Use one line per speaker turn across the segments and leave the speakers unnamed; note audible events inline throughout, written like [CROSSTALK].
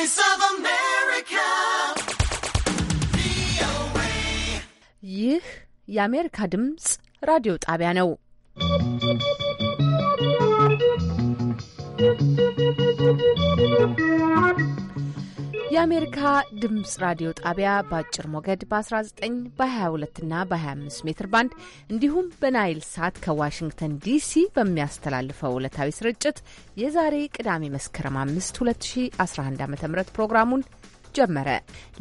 Voice
ይህ የአሜሪካ ድምጽ ራዲዮ ጣቢያ ነው። የአሜሪካ ድምፅ ራዲዮ ጣቢያ በአጭር ሞገድ በ19 በ22 እና በ25 ሜትር ባንድ እንዲሁም በናይል ሳት ከዋሽንግተን ዲሲ በሚያስተላልፈው ዕለታዊ ስርጭት የዛሬ ቅዳሜ መስከረም 5 2011 ዓ ም ፕሮግራሙን ጀመረ።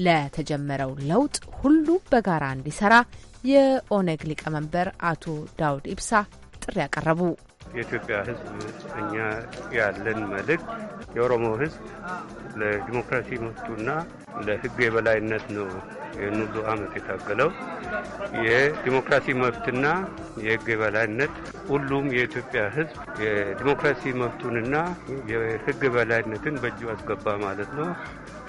ለተጀመረው ለውጥ ሁሉ በጋራ እንዲሰራ የኦነግ ሊቀመንበር አቶ ዳውድ ኢብሳ ጥሪ ያቀረቡ
የኢትዮጵያ ሕዝብ እኛ ያለን መልእክት የኦሮሞ ሕዝብ ለዲሞክራሲ መብቱና ለሕግ የበላይነት ነው ይህን ሁሉ የታገለው። የዲሞክራሲ መብትና የሕግ የበላይነት ሁሉም የኢትዮጵያ ሕዝብ የዲሞክራሲ መብቱንና የሕግ የበላይነትን በእጁ አስገባ ማለት ነው።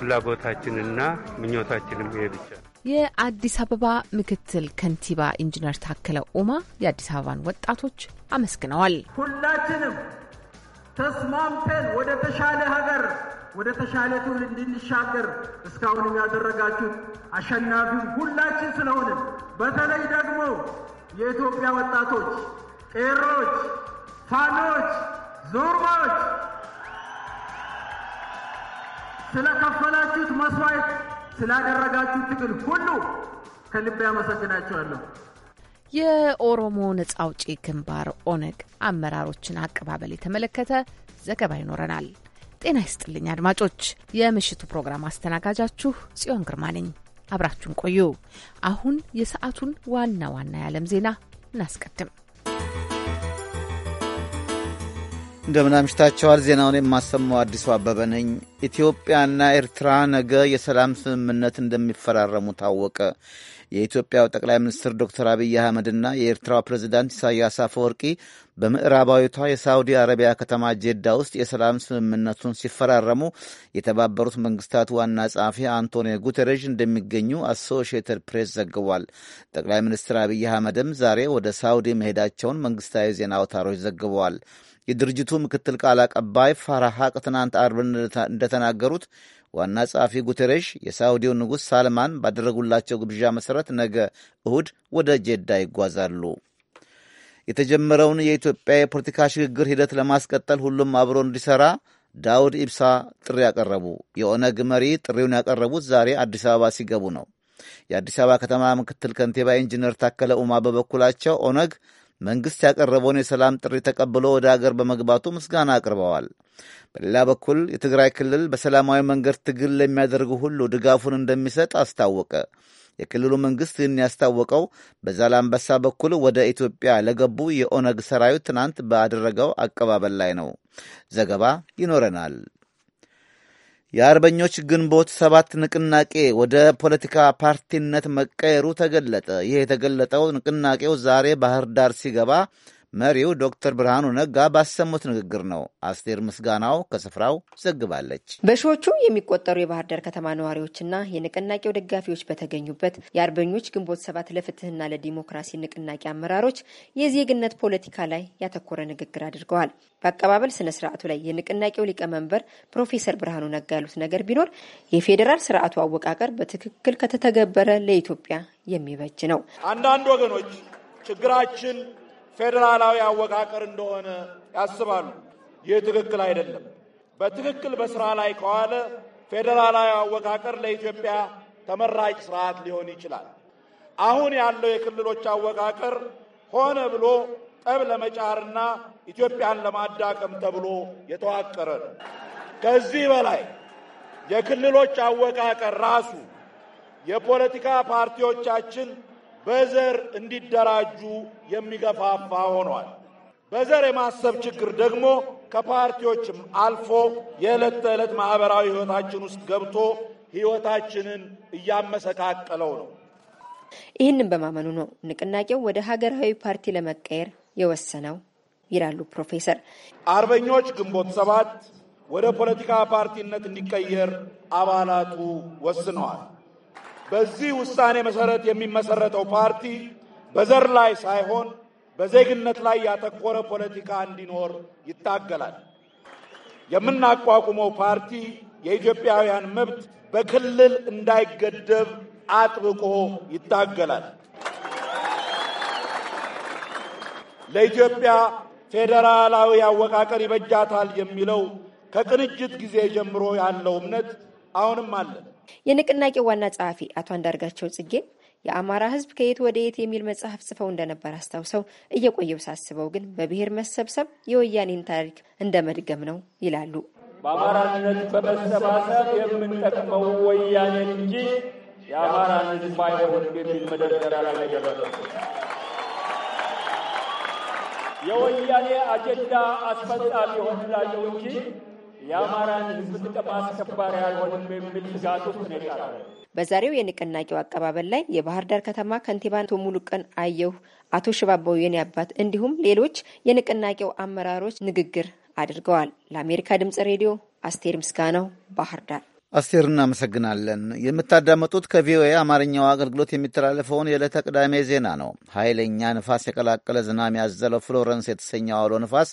ፍላጎታችንና ምኞታችንም ይሄ ብቻ
የአዲስ አበባ ምክትል ከንቲባ ኢንጂነር ታከለ ኡማ የአዲስ አበባን ወጣቶች አመስግነዋል።
ሁላችንም ተስማምተን ወደ ተሻለ ሀገር ወደ ተሻለ ትውልድ እንድንሻገር እስካሁን ያደረጋችሁት አሸናፊው ሁላችን ስለሆነ በተለይ ደግሞ የኢትዮጵያ ወጣቶች፣ ቄሮች፣ ፋኖች፣ ዞርባዎች ስለከፈላችሁት መስዋዕት ስላደረጋችሁ ትግል ሁሉ ከልቤ አመሰግናቸዋለሁ።
የኦሮሞ ነጻ አውጪ ግንባር ኦነግ አመራሮችን አቀባበል የተመለከተ ዘገባ ይኖረናል። ጤና ይስጥልኝ አድማጮች፣ የምሽቱ ፕሮግራም አስተናጋጃችሁ ጽዮን ግርማ ነኝ። አብራችሁን ቆዩ። አሁን የሰዓቱን ዋና ዋና የዓለም ዜና እናስቀድም።
እንደምናምሽታቸዋል። ዜናውን የማሰማው አዲሱ አበበ ነኝ። ኢትዮጵያና ኤርትራ ነገ የሰላም ስምምነት እንደሚፈራረሙ ታወቀ። የኢትዮጵያው ጠቅላይ ሚኒስትር ዶክተር አብይ አህመድና የኤርትራው ፕሬዚዳንት ኢሳያስ አፈወርቂ በምዕራባዊቷ የሳውዲ አረቢያ ከተማ ጄዳ ውስጥ የሰላም ስምምነቱን ሲፈራረሙ የተባበሩት መንግስታት ዋና ጸሐፊ አንቶኒዮ ጉተረዥ እንደሚገኙ አሶሺየትድ ፕሬስ ዘግቧል። ጠቅላይ ሚኒስትር አብይ አህመድም ዛሬ ወደ ሳውዲ መሄዳቸውን መንግስታዊ ዜና አውታሮች ዘግበዋል። የድርጅቱ ምክትል ቃል አቀባይ ፋራህ ሀቅ ትናንት አርብ እንደተናገሩት ዋና ጸሐፊ ጉተሬሽ የሳውዲው ንጉሥ ሳልማን ባደረጉላቸው ግብዣ መሠረት ነገ እሁድ ወደ ጄዳ ይጓዛሉ። የተጀመረውን የኢትዮጵያ የፖለቲካ ሽግግር ሂደት ለማስቀጠል ሁሉም አብሮ እንዲሠራ ዳውድ ኢብሳ ጥሪ ያቀረቡ። የኦነግ መሪ ጥሪውን ያቀረቡት ዛሬ አዲስ አበባ ሲገቡ ነው። የአዲስ አበባ ከተማ ምክትል ከንቲባ ኢንጂነር ታከለ ኡማ በበኩላቸው ኦነግ መንግሥት ያቀረበውን የሰላም ጥሪ ተቀብሎ ወደ አገር በመግባቱ ምስጋና አቅርበዋል። በሌላ በኩል የትግራይ ክልል በሰላማዊ መንገድ ትግል ለሚያደርጉ ሁሉ ድጋፉን እንደሚሰጥ አስታወቀ። የክልሉ መንግሥት ይህን ያስታወቀው በዛላምበሳ በኩል ወደ ኢትዮጵያ ለገቡ የኦነግ ሰራዊት ትናንት ባደረገው አቀባበል ላይ ነው። ዘገባ ይኖረናል። የአርበኞች ግንቦት ሰባት ንቅናቄ ወደ ፖለቲካ ፓርቲነት መቀየሩ ተገለጠ። ይህ የተገለጠው ንቅናቄው ዛሬ ባህር ዳር ሲገባ መሪው ዶክተር ብርሃኑ ነጋ ባሰሙት ንግግር ነው። አስቴር ምስጋናው ከስፍራው ዘግባለች።
በሺዎቹ የሚቆጠሩ የባህር ዳር ከተማ ነዋሪዎችና የንቅናቄው ደጋፊዎች በተገኙበት የአርበኞች ግንቦት ሰባት ለፍትህና ለዲሞክራሲ ንቅናቄ አመራሮች የዜግነት ፖለቲካ ላይ ያተኮረ ንግግር አድርገዋል። በአቀባበል ስነ ስርዓቱ ላይ የንቅናቄው ሊቀመንበር ፕሮፌሰር ብርሃኑ ነጋ ያሉት ነገር ቢኖር የፌዴራል ስርዓቱ አወቃቀር በትክክል ከተተገበረ ለኢትዮጵያ የሚበጅ ነው።
አንዳንድ ወገኖች ችግራችን ፌዴራላዊ አወቃቀር እንደሆነ ያስባሉ። ይህ ትክክል አይደለም። በትክክል በስራ ላይ ከዋለ ፌዴራላዊ አወቃቀር ለኢትዮጵያ ተመራጭ ስርዓት ሊሆን ይችላል። አሁን ያለው የክልሎች አወቃቀር ሆነ ብሎ ጠብ ለመጫርና ኢትዮጵያን ለማዳቀም ተብሎ የተዋቀረ ነው። ከዚህ በላይ የክልሎች አወቃቀር ራሱ የፖለቲካ ፓርቲዎቻችን በዘር እንዲደራጁ የሚገፋፋ ሆኗል። በዘር የማሰብ ችግር ደግሞ ከፓርቲዎችም አልፎ የዕለት ተዕለት ማኅበራዊ ሕይወታችን ውስጥ ገብቶ ሕይወታችንን እያመሰቃቀለው ነው።
ይህንን በማመኑ ነው ንቅናቄው ወደ ሀገራዊ ፓርቲ ለመቀየር የወሰነው ይላሉ ፕሮፌሰር።
አርበኞች ግንቦት ሰባት ወደ ፖለቲካ ፓርቲነት እንዲቀየር አባላቱ ወስነዋል። በዚህ ውሳኔ መሰረት የሚመሰረተው ፓርቲ በዘር ላይ ሳይሆን በዜግነት ላይ ያተኮረ ፖለቲካ እንዲኖር ይታገላል። የምናቋቁመው ፓርቲ የኢትዮጵያውያን መብት በክልል እንዳይገደብ አጥብቆ ይታገላል። ለኢትዮጵያ ፌዴራላዊ አወቃቀር ይበጃታል የሚለው ከቅንጅት ጊዜ ጀምሮ ያለው እምነት
አሁንም አለ። የንቅናቄው ዋና ጸሐፊ አቶ አንዳርጋቸው ጽጌ የአማራ ሕዝብ ከየት ወደ የት የሚል መጽሐፍ ጽፈው እንደነበር አስታውሰው እየቆየው ሳስበው ግን በብሔር መሰብሰብ የወያኔን ታሪክ እንደ መድገም ነው ይላሉ።
በአማራነት በመሰባሰብ የምንጠቅመው ወያኔን እንጂ የአማራ ሕዝብ አይሆንም የሚል መደርደሪያ
ላይ የወያኔ አጀንዳ አስፈጻሚ ይሆንላቸው እንጂ የአማራን ጥቅም አስከባሪ የሚል ስጋት ውስጥ ነው
በዛሬው የንቅናቄው አቀባበል ላይ የባህር ዳር ከተማ ከንቲባ አቶ ሙሉቀን አየሁ፣ አቶ ሽባባው የኔ አባት እንዲሁም ሌሎች የንቅናቄው አመራሮች ንግግር አድርገዋል። ለአሜሪካ ድምጽ ሬዲዮ አስቴር ምስጋናው ባህር ዳር።
አስቴር እናመሰግናለን። የምታዳመጡት ከቪኦኤ አማርኛው አገልግሎት የሚተላለፈውን የዕለተ ቅዳሜ ዜና ነው። ኃይለኛ ንፋስ የቀላቀለ ዝናም ያዘለው ፍሎረንስ የተሰኘው አውሎ ንፋስ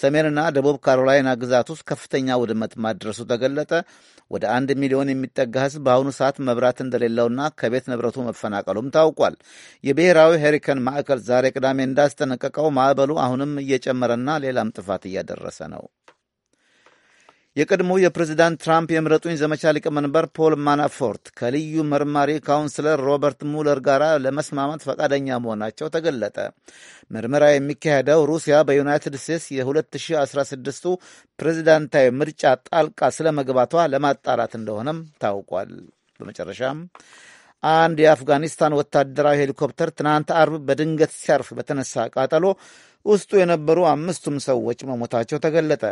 ሰሜንና ደቡብ ካሮላይና ግዛት ውስጥ ከፍተኛ ውድመት ማድረሱ ተገለጠ። ወደ አንድ ሚሊዮን የሚጠጋ ሕዝብ በአሁኑ ሰዓት መብራት እንደሌለውና ከቤት ንብረቱ መፈናቀሉም ታውቋል። የብሔራዊ ሄሪከን ማዕከል ዛሬ ቅዳሜ እንዳስጠነቀቀው ማዕበሉ አሁንም እየጨመረና ሌላም ጥፋት እያደረሰ ነው። የቀድሞው የፕሬዚዳንት ትራምፕ የምረጡኝ ዘመቻ ሊቀመንበር ፖል ማናፎርት ከልዩ መርማሪ ካውንስለር ሮበርት ሙለር ጋር ለመስማማት ፈቃደኛ መሆናቸው ተገለጠ። ምርመራ የሚካሄደው ሩሲያ በዩናይትድ ስቴትስ የ2016ቱ ፕሬዚዳንታዊ ምርጫ ጣልቃ ስለ መግባቷ ለማጣራት እንደሆነም ታውቋል። በመጨረሻም አንድ የአፍጋኒስታን ወታደራዊ ሄሊኮፕተር ትናንት አርብ በድንገት ሲያርፍ በተነሳ ቃጠሎ ውስጡ የነበሩ አምስቱም ሰዎች መሞታቸው ተገለጠ።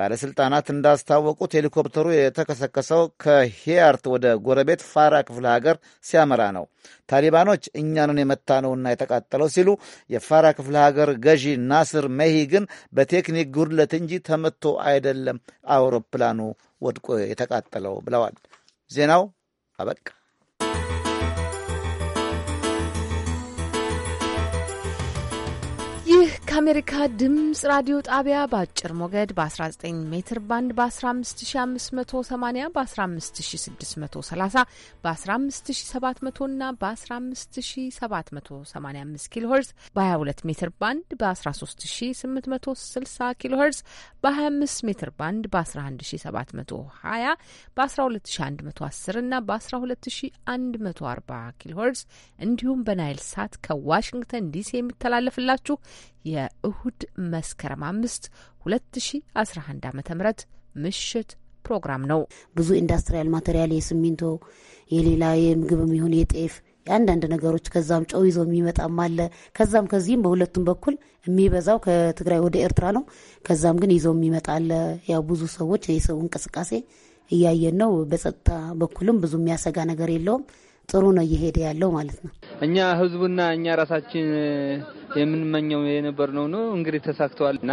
ባለሥልጣናት እንዳስታወቁት ሄሊኮፕተሩ የተከሰከሰው ከሄያርት ወደ ጎረቤት ፋራ ክፍለ ሀገር ሲያመራ ነው። ታሊባኖች እኛንን የመታነውና የተቃጠለው ሲሉ፣ የፋራ ክፍለ ሀገር ገዢ ናስር መሂ ግን በቴክኒክ ጉድለት እንጂ ተመቶ አይደለም አውሮፕላኑ ወድቆ የተቃጠለው ብለዋል። ዜናው አበቃ።
ከአሜሪካ ድምጽ ራዲዮ ጣቢያ በአጭር ሞገድ በ19 ሜትር ባንድ በ15580 በ15630 በ15700 እና በ15785 ኪሎ ሄርዝ በ22 ሜትር ባንድ በ13860 ኪሎ ሄርዝ በ25 ሜትር ባንድ በ11720 በ12110 እና በ12140 ኪሎ ሄርዝ እንዲሁም በናይል ሳት ከዋሽንግተን ዲሲ የሚተላለፍላችሁ የእሁድ መስከረም
አምስት ሁለት ሺ አስራ አንድ ምህረት ምሽት ፕሮግራም ነው። ብዙ ኢንዱስትሪያል ማቴሪያል የሲሚንቶ፣ የሌላ የምግብም ይሁን የጤፍ የአንዳንድ ነገሮች ከዛም ጨው ይዞ የሚመጣም አለ። ከዛም ከዚህም በሁለቱም በኩል የሚበዛው ከትግራይ ወደ ኤርትራ ነው። ከዛም ግን ይዞ የሚመጣ አለ። ያው ብዙ ሰዎች የሰው እንቅስቃሴ እያየን ነው። በጸጥታ በኩልም ብዙ የሚያሰጋ ነገር የለውም። ጥሩ ነው እየሄደ ያለው ማለት ነው።
እኛ ህዝቡና እኛ ራሳችን የምንመኘው የነበር ነው ነው እንግዲህ ተሳክተዋል እና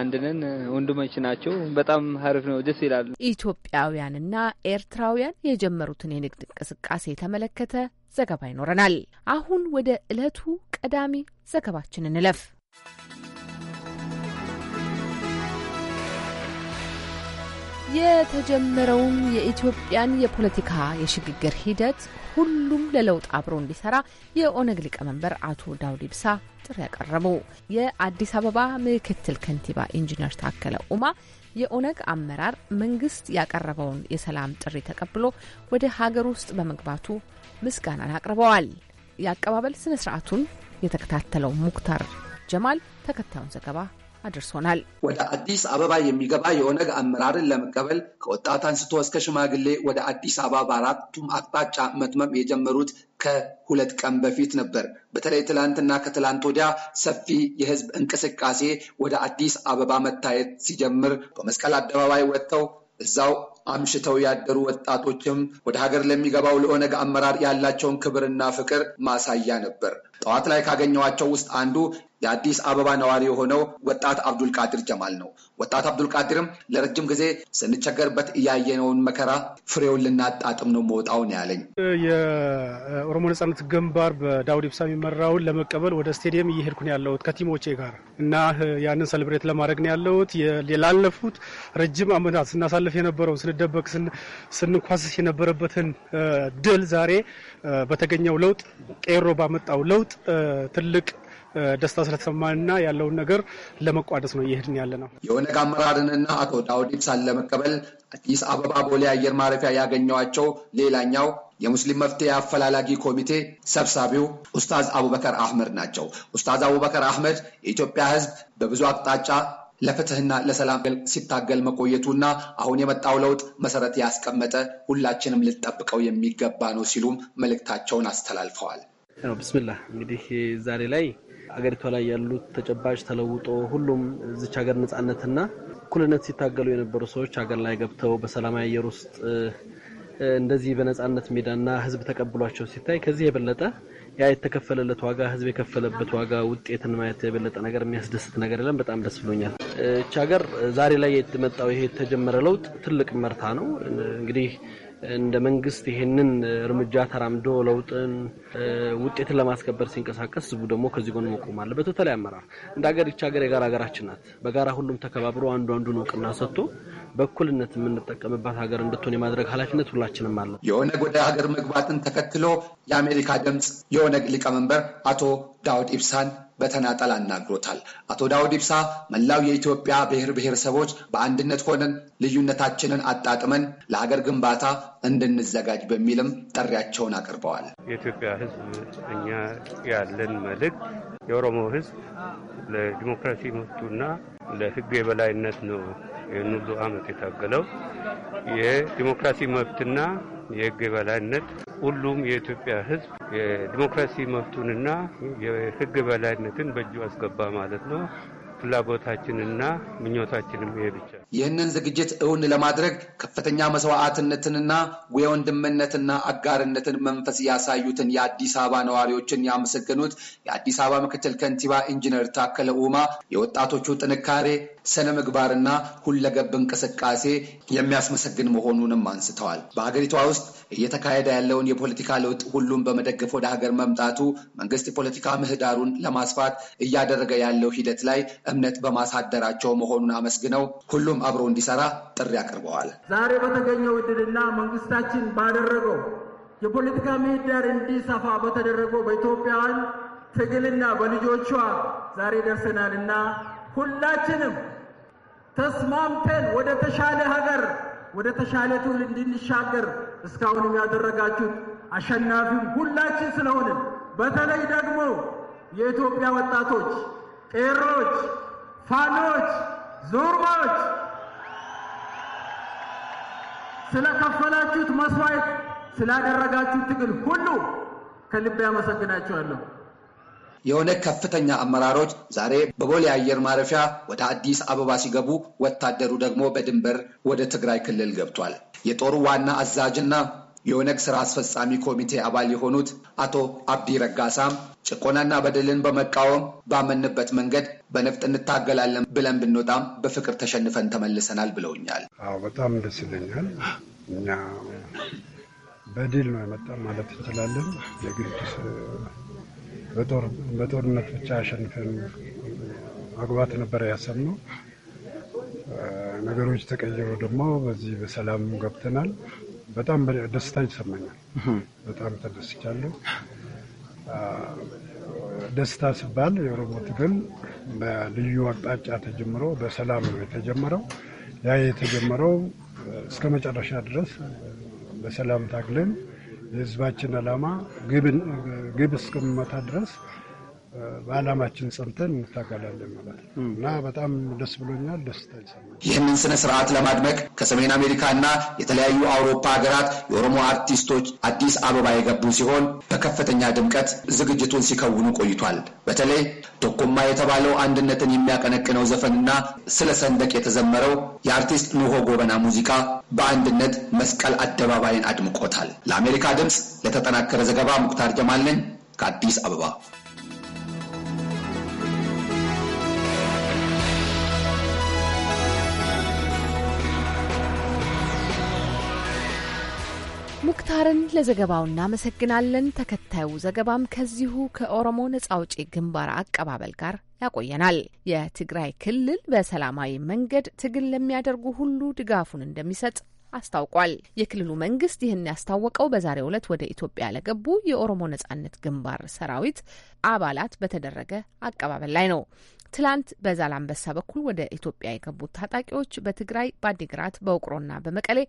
አንድነን ወንድሞች ናቸው። በጣም ሀሪፍ ነው፣ ደስ ይላሉ።
ኢትዮጵያውያንና ኤርትራውያን የጀመሩትን የንግድ እንቅስቃሴ የተመለከተ ዘገባ ይኖረናል። አሁን ወደ ዕለቱ ቀዳሚ ዘገባችን እንለፍ። የተጀመረውን የኢትዮጵያን የፖለቲካ የሽግግር ሂደት ሁሉም ለለውጥ አብሮ እንዲሰራ የኦነግ ሊቀመንበር አቶ ዳውድ ኢብሳ ጥሪ ያቀረቡ፣ የአዲስ አበባ ምክትል ከንቲባ ኢንጂነር ታከለ ኡማ የኦነግ አመራር መንግስት ያቀረበውን የሰላም ጥሪ ተቀብሎ ወደ ሀገር ውስጥ በመግባቱ ምስጋናን አቅርበዋል። የአቀባበል ስነ ስርዓቱን የተከታተለው ሙክታር ጀማል ተከታዩን ዘገባ አድርሶናል።
ወደ አዲስ አበባ የሚገባ የኦነግ አመራርን ለመቀበል ከወጣት አንስቶ እስከ ሽማግሌ ወደ አዲስ አበባ በአራቱም አቅጣጫ መትመም የጀመሩት ከሁለት ቀን በፊት ነበር። በተለይ ትላንትና ከትላንት ወዲያ ሰፊ የህዝብ እንቅስቃሴ ወደ አዲስ አበባ መታየት ሲጀምር በመስቀል አደባባይ ወጥተው እዛው አምሽተው ያደሩ ወጣቶችም ወደ ሀገር ለሚገባው ለኦነግ አመራር ያላቸውን ክብርና ፍቅር ማሳያ ነበር። ጠዋት ላይ ካገኘኋቸው ውስጥ አንዱ የአዲስ አበባ ነዋሪ የሆነው ወጣት አብዱልቃድር ጀማል ነው። ወጣት አብዱልቃድርም ለረጅም ጊዜ ስንቸገርበት እያየነውን መከራ ፍሬውን ልናጣጥም ነው መውጣው ነው ያለኝ።
የኦሮሞ ነጻነት ግንባር በዳውድ ኢብሳ የሚመራውን ለመቀበል ወደ ስቴዲየም እየሄድኩ ነው ያለሁት ከቲሞቼ ጋር እና ያንን ሰልብሬት ለማድረግ ነው ያለሁት። ላለፉት ረጅም ዓመታት ስናሳልፍ የነበረው ስንደበቅ ስንኳስስ የነበረበትን ድል ዛሬ በተገኘው ለውጥ ቄሮ ባመጣው ለውጥ ትልቅ ደስታ ስለተሰማንና ያለውን ነገር ለመቋደስ ነው እየሄድን ያለ ነው።
የኦነግ አመራርንና አቶ ዳውድ ኢብሳን ለመቀበል አዲስ አበባ ቦሌ አየር ማረፊያ ያገኘዋቸው ሌላኛው የሙስሊም መፍትሄ አፈላላጊ ኮሚቴ ሰብሳቢው ኡስታዝ አቡበከር አህመድ ናቸው። ኡስታዝ አቡበከር አህመድ የኢትዮጵያ ሕዝብ በብዙ አቅጣጫ ለፍትህና ለሰላም ሲታገል መቆየቱና አሁን የመጣው ለውጥ መሰረት ያስቀመጠ ሁላችንም ልጠብቀው የሚገባ ነው ሲሉም መልእክታቸውን አስተላልፈዋል።
ብስምላ
እንግዲህ ዛሬ ላይ አገሪቷ ላይ ያሉት ተጨባጭ ተለውጦ ሁሉም እዚች ሀገር ነጻነትና እኩልነት ሲታገሉ የነበሩ ሰዎች ሀገር ላይ ገብተው በሰላማዊ አየር ውስጥ እንደዚህ በነጻነት ሜዳና ህዝብ ተቀብሏቸው ሲታይ ከዚህ የበለጠ ያ የተከፈለለት ዋጋ ህዝብ የከፈለበት ዋጋ ውጤትን ማየት የበለጠ ነገር የሚያስደስት ነገር የለም። በጣም ደስ ብሎኛል። እቺ ሀገር ዛሬ ላይ የመጣው ይሄ የተጀመረ ለውጥ ትልቅ መርታ ነው። እንግዲህ እንደ መንግስት ይሄንን እርምጃ ተራምዶ ለውጥን ውጤትን ለማስከበር ሲንቀሳቀስ ህዝቡ ደግሞ ከዚህ ጎን መቆም አለበት። በተለይ አመራር እንደ ሀገር ይቻ ሀገር የጋራ ሀገራችን ናት። በጋራ ሁሉም ተከባብሮ አንዱ አንዱን እውቅና ሰጥቶ በእኩልነት የምንጠቀምባት ሀገር እንድትሆን የማድረግ ኃላፊነት ሁላችንም አለ። የኦነግ ወደ ሀገር መግባትን ተከትሎ የአሜሪካ ድምፅ የኦነግ ሊቀመንበር
አቶ ዳውድ ኢብሳን በተናጠል አናግሮታል። አቶ ዳውድ ኢብሳ መላው የኢትዮጵያ ብሔር ብሔረሰቦች በአንድነት ሆነን ልዩነታችንን አጣጥመን ለሀገር ግንባታ እንድንዘጋጅ በሚልም ጥሪያቸውን አቅርበዋል።
የኢትዮጵያ ሕዝብ እኛ ያለን መልእክት የኦሮሞ ሕዝብ ለዲሞክራሲ መብቱና ለህግ የበላይነት ነው ይህን ሁሉ አመት የታገለው። የዲሞክራሲ መብትና የህግ የበላይነት ሁሉም የኢትዮጵያ ህዝብ የዲሞክራሲ መብቱንና የህግ የበላይነትን በእጁ አስገባ ማለት ነው። ፍላጎታችንና ምኞታችንም ይሄ ብቻ
ይህንን ዝግጅት እውን ለማድረግ ከፍተኛ መስዋዕትነትንና የወንድምነትና አጋርነትን መንፈስ ያሳዩትን የአዲስ አበባ ነዋሪዎችን ያመሰገኑት የአዲስ አበባ ምክትል ከንቲባ ኢንጂነር ታከለ ኡማ የወጣቶቹ ጥንካሬ፣ ስነ ምግባርና ሁለገብ እንቅስቃሴ የሚያስመሰግን መሆኑንም አንስተዋል። በሀገሪቷ ውስጥ እየተካሄደ ያለውን የፖለቲካ ለውጥ ሁሉም በመደገፍ ወደ ሀገር መምጣቱ መንግስት የፖለቲካ ምህዳሩን ለማስፋት እያደረገ ያለው ሂደት ላይ እምነት በማሳደራቸው መሆኑን አመስግነው ሁሉም አብሮ እንዲሰራ ጥሪ አቅርበዋል።
ዛሬ በተገኘው እድልና መንግስታችን ባደረገው የፖለቲካ ምህዳር እንዲሰፋ በተደረገው በኢትዮጵያውያን ትግልና በልጆቿ ዛሬ ደርሰናልና ሁላችንም ተስማምተን ወደ ተሻለ ሀገር ወደ ተሻለ ትውልድ እንድንሻገር እስካሁንም ያደረጋችሁት አሸናፊው ሁላችን ስለሆንን በተለይ ደግሞ የኢትዮጵያ ወጣቶች፣ ቄሮች፣ ፋኖች፣ ዞርማዎች። ስለከፈላችሁት መስዋዕት፣ ስላደረጋችሁት ትግል ሁሉ ከልብ ያመሰግናችኋለሁ።
የኦነግ ከፍተኛ አመራሮች ዛሬ በቦሌ አየር ማረፊያ ወደ አዲስ አበባ ሲገቡ ወታደሩ ደግሞ በድንበር ወደ ትግራይ ክልል ገብቷል። የጦሩ ዋና አዛዥና የኦነግ ስራ አስፈጻሚ ኮሚቴ አባል የሆኑት አቶ አብዲ ረጋሳም ጭቆናና በደልን በመቃወም ባመንበት መንገድ በነፍጥ እንታገላለን ብለን ብንወጣም በፍቅር ተሸንፈን ተመልሰናል ብለውኛል።
አዎ በጣም ደስ ይለኛል። እኛ በድል ነው የመጣ ማለት እንችላለን። የግድ በጦርነት ብቻ አሸንፈን መግባት ነበረ ያሰብነው። ነገሮች ተቀይሮ ደግሞ በዚህ በሰላም ገብተናል። በጣም ደስታ ይሰማኛል። በጣም ተደስቻለሁ። ደስታ ሲባል የኦሮሞ ትግል በልዩ አቅጣጫ ተጀምሮ በሰላም ነው የተጀመረው። ያ የተጀመረው እስከ መጨረሻ ድረስ በሰላም ታግለን የህዝባችን ዓላማ ግብ እስከሚመታ ድረስ በዓላማችን ጸንተን እንታገላለን ማለት ነው እና በጣም ደስ ብሎኛል፣ ደስታ ይሰማል። ይህንን ስነ ስርዓት ለማድመቅ
ከሰሜን አሜሪካ እና የተለያዩ አውሮፓ ሀገራት የኦሮሞ አርቲስቶች አዲስ አበባ የገቡ ሲሆን በከፍተኛ ድምቀት ዝግጅቱን ሲከውኑ ቆይቷል። በተለይ ቶኮማ የተባለው አንድነትን የሚያቀነቅነው ዘፈንና ስለ ሰንደቅ የተዘመረው የአርቲስት ንሆ ጎበና ሙዚቃ በአንድነት መስቀል አደባባይን አድምቆታል። ለአሜሪካ ድምፅ ለተጠናከረ ዘገባ ሙክታር ጀማል ነኝ ከአዲስ አበባ።
ሳርን ለዘገባው እናመሰግናለን። ተከታዩ ዘገባም ከዚሁ ከኦሮሞ ነጻ አውጪ ግንባር አቀባበል ጋር ያቆየናል። የትግራይ ክልል በሰላማዊ መንገድ ትግል ለሚያደርጉ ሁሉ ድጋፉን እንደሚሰጥ አስታውቋል። የክልሉ መንግስት ይህን ያስታወቀው በዛሬው ዕለት ወደ ኢትዮጵያ ለገቡ የኦሮሞ ነጻነት ግንባር ሰራዊት አባላት በተደረገ አቀባበል ላይ ነው። ትላንት በዛላንበሳ በኩል ወደ ኢትዮጵያ የገቡት ታጣቂዎች በትግራይ ባዲግራት፣ በውቅሮና በመቀሌ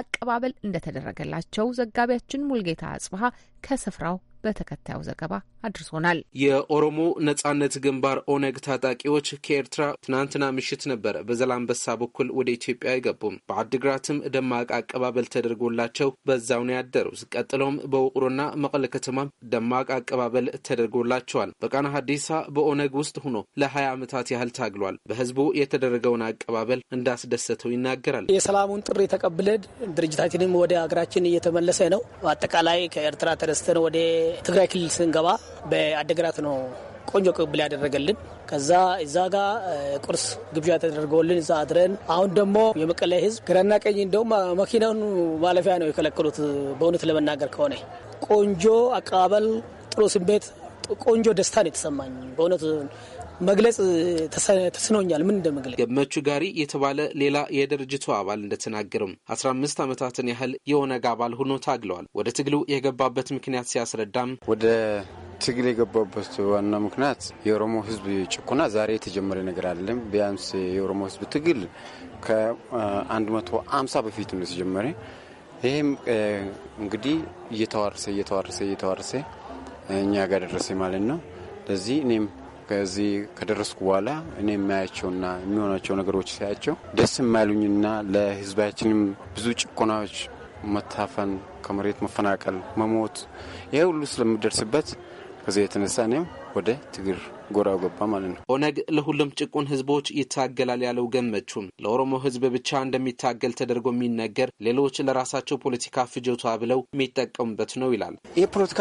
አቀባበል እንደተደረገላቸው ዘጋቢያችን ሙልጌታ አጽብሀ ከስፍራው በተከታዩ ዘገባ አድርሶናል።
የኦሮሞ ነጻነት ግንባር ኦነግ ታጣቂዎች ከኤርትራ ትናንትና ምሽት ነበረ በዘላንበሳ በኩል ወደ ኢትዮጵያ አይገቡም። በአድግራትም ደማቅ አቀባበል ተደርጎላቸው በዛው ነው ያደሩት። ቀጥሎም በውቅሮና መቀለ ከተማም ደማቅ አቀባበል ተደርጎላቸዋል። በቃና ሀዲሳ በኦነግ ውስጥ ሆኖ ለ ዓመታት ያህል ታግሏል። በህዝቡ የተደረገውን አቀባበል እንዳስደሰተው ይናገራል።
የሰላሙን ጥሪ ተቀብለን ድርጅታችንም ወደ ሀገራችን እየተመለሰ ነው። አጠቃላይ ከኤርትራ ተነስተን ወደ ትግራይ ክልል ስንገባ በአደግራት ነው ቆንጆ ቅብል ያደረገልን። ከዛ እዛ ጋ ቁርስ ግብዣ ተደርጎልን እዛ አድረን፣ አሁን ደግሞ የመቀለ ህዝብ ግራና ቀኝ እንደውም መኪናውን ማለፊያ ነው የከለከሉት። በእውነት ለመናገር ከሆነ ቆንጆ አቀባበል፣ ጥሩ ስሜት፣ ቆንጆ ደስታ ነው የተሰማኝ በእውነት መግለጽ ተስኖኛል። ምን እንደመግለጽ
ገመቹ ጋሪ የተባለ ሌላ የድርጅቱ አባል እንደተናገርም አስራ አምስት ዓመታትን ያህል የኦነግ አባል ሆኖ ታግለዋል። ወደ ትግሉ የገባበት ምክንያት ሲያስረዳም ወደ ትግል
የገባበት ዋና ምክንያት የኦሮሞ ሕዝብ ጭቆና ዛሬ የተጀመረ ነገር አለም ቢያንስ የኦሮሞ ሕዝብ ትግል ከአንድ መቶ አምሳ በፊት ነው የተጀመረ። ይህም እንግዲህ እየተዋረሰ እየተዋረሰ እየተዋረሰ እኛ ጋር ደረሰ ማለት ነው። ለዚህ እኔም ከዚህ ከደረስኩ በኋላ እኔ የማያቸውና የሚሆናቸው ነገሮች ሲያቸው ደስ የማይሉኝና ለህዝባችንም ብዙ ጭቆናዎች፣ መታፈን፣ ከመሬት መፈናቀል፣ መሞት ይሄ ሁሉ ስለምደርስበት ከዚህ የተነሳ እኔም ወደ ትግር ጎራ ገባ ማለት ነው።
ኦነግ ለሁሉም ጭቁን ህዝቦች ይታገላል ያለው ገመቹም ለኦሮሞ ህዝብ ብቻ እንደሚታገል ተደርጎ የሚነገር ሌሎች ለራሳቸው ፖለቲካ ፍጆታ ብለው የሚጠቀሙበት ነው ይላል። ይህ ፖለቲካ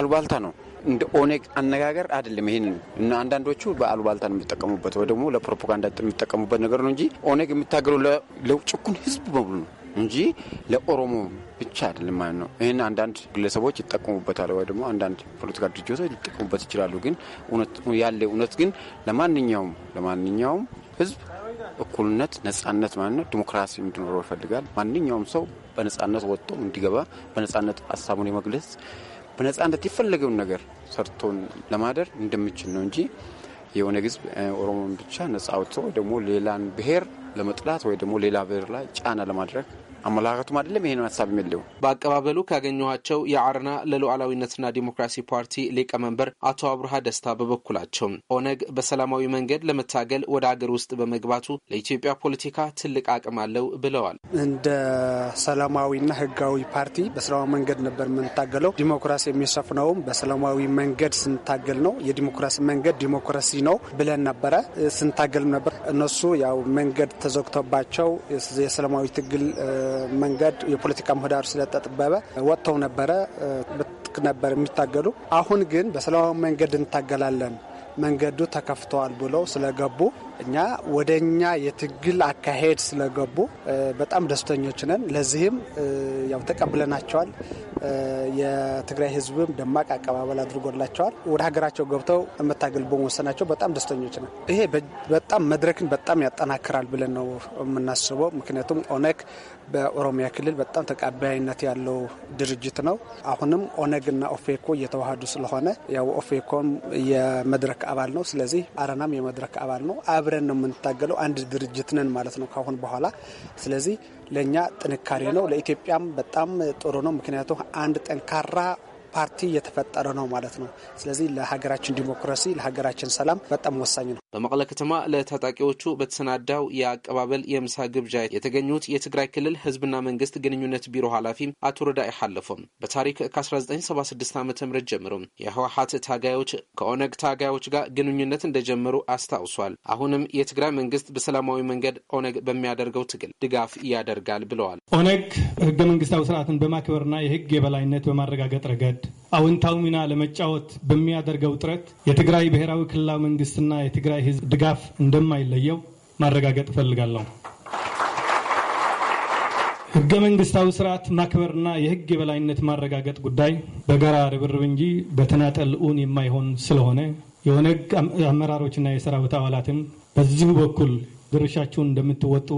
አሉባልታ ነው። እንደ
ኦነግ አነጋገር አይደለም። ይህን እና አንዳንዶቹ በአሉባልታ የሚጠቀሙበት ወይ ደግሞ ለፕሮፓጋንዳ የሚጠቀሙበት ነገር ነው እንጂ ኦነግ የሚታገለው ለጭቁን ህዝብ በሙሉ ነው። እንጂ ለኦሮሞ ብቻ አይደለም ማለት ነው። ይህን አንዳንድ ግለሰቦች ይጠቀሙበታል ወይ ደግሞ አንዳንድ ፖለቲካ ድርጅቶች ሊጠቀሙበት ይችላሉ። ግን ያለ እውነት ግን ለማንኛውም ለማንኛውም ህዝብ እኩልነት፣ ነጻነት ማለት ነው ዲሞክራሲ እንዲኖረው ይፈልጋል። ማንኛውም ሰው በነጻነት ወጥቶ እንዲገባ በነጻነት ሀሳቡን የመግለጽ በነጻነት የፈለገውን ነገር ሰርቶን ለማደር እንደምችል ነው እንጂ የሆነ ህዝብ ኦሮሞን ብቻ ነጻ አውጥቶ ወይ ደግሞ ሌላን ብሄር ለመጥላት ወይ ደግሞ ሌላ ብሔር ላይ ጫና ለማድረግ አመላከቱም አይደለም። ይሄ ሀሳብ የሚለው።
በአቀባበሉ ካገኘኋቸው የአርና ለሉዓላዊነትና ዲሞክራሲ ፓርቲ ሊቀመንበር አቶ አብርሃ ደስታ በበኩላቸው ኦነግ በሰላማዊ መንገድ ለመታገል ወደ አገር ውስጥ በመግባቱ ለኢትዮጵያ ፖለቲካ ትልቅ አቅም አለው ብለዋል።
እንደ ሰላማዊና ህጋዊ ፓርቲ በሰላማዊ መንገድ ነበር የምንታገለው። ዲሞክራሲ የሚሰፍነውም በሰላማዊ መንገድ ስንታገል ነው። የዲሞክራሲ መንገድ ዲሞክራሲ ነው ብለን ነበረ ስንታገልም ነበር። እነሱ ያው መንገድ ተዘግቶባቸው የሰላማዊ ትግል መንገድ የፖለቲካ ምህዳሩ ስለተጠበበ ወጥተው ነበረ ነበር የሚታገሉ። አሁን ግን በሰላማዊ መንገድ እንታገላለን መንገዱ ተከፍተዋል ብለው ስለገቡ እኛ ወደ እኛ የትግል አካሄድ ስለገቡ በጣም ደስተኞች ነን። ለዚህም ያው ተቀብለናቸዋል። የትግራይ ሕዝብም ደማቅ አቀባበል አድርጎላቸዋል። ወደ ሀገራቸው ገብተው መታገል በመወሰናቸው በጣም ደስተኞች ነን። ይሄ በጣም መድረክን በጣም ያጠናክራል ብለን ነው የምናስበው። ምክንያቱም ኦነግ በኦሮሚያ ክልል በጣም ተቀባይነት ያለው ድርጅት ነው። አሁንም ኦነግና ኦፌኮ እየተዋሃዱ ስለሆነ ያው ኦፌኮም የመድረክ አባል ነው። ስለዚህ አረናም የመድረክ አባል ነው። አብረን ነው የምንታገለው። አንድ ድርጅት ነን ማለት ነው ካሁን በኋላ ስለዚህ ለእኛ ጥንካሬ ነው። ለኢትዮጵያም በጣም ጥሩ ነው። ምክንያቱም አንድ ጠንካራ ፓርቲ እየተፈጠረ ነው ማለት ነው። ስለዚህ ለሀገራችን ዲሞክራሲ፣ ለሀገራችን ሰላም በጣም ወሳኝ ነው።
በመቀለ ከተማ ለታጣቂዎቹ በተሰናዳው የአቀባበል የምሳ ግብዣ የተገኙት የትግራይ ክልል ህዝብና መንግስት ግንኙነት ቢሮ ኃላፊ አቶ ረዳ ሓለፎም በታሪክ ከ1976 ዓ ም ጀምሮ የህወሀት ታጋዮች ከኦነግ ታጋዮች ጋር ግንኙነት እንደጀመሩ አስታውሷል። አሁንም የትግራይ መንግስት በሰላማዊ መንገድ ኦነግ በሚያደርገው ትግል ድጋፍ ያደርጋል ብለዋል።
ኦነግ ህገ መንግስታዊ ስርዓትን በማክበርና የህግ የበላይነት በማረጋገጥ ረገድ አዎንታዊ ሚና ለመጫወት በሚያደርገው ጥረት የትግራይ ብሔራዊ ክልላዊ መንግስትና የትግራይ ህዝብ ድጋፍ እንደማይለየው ማረጋገጥ እፈልጋለሁ። ህገ መንግስታዊ ስርዓት ማክበርና የህግ የበላይነት ማረጋገጥ ጉዳይ በጋራ ርብርብ እንጂ በተናጠል እውን የማይሆን ስለሆነ የኦነግ አመራሮችና የሰራዊት አባላትም በዚሁ በኩል ድርሻችሁን እንደምትወጡ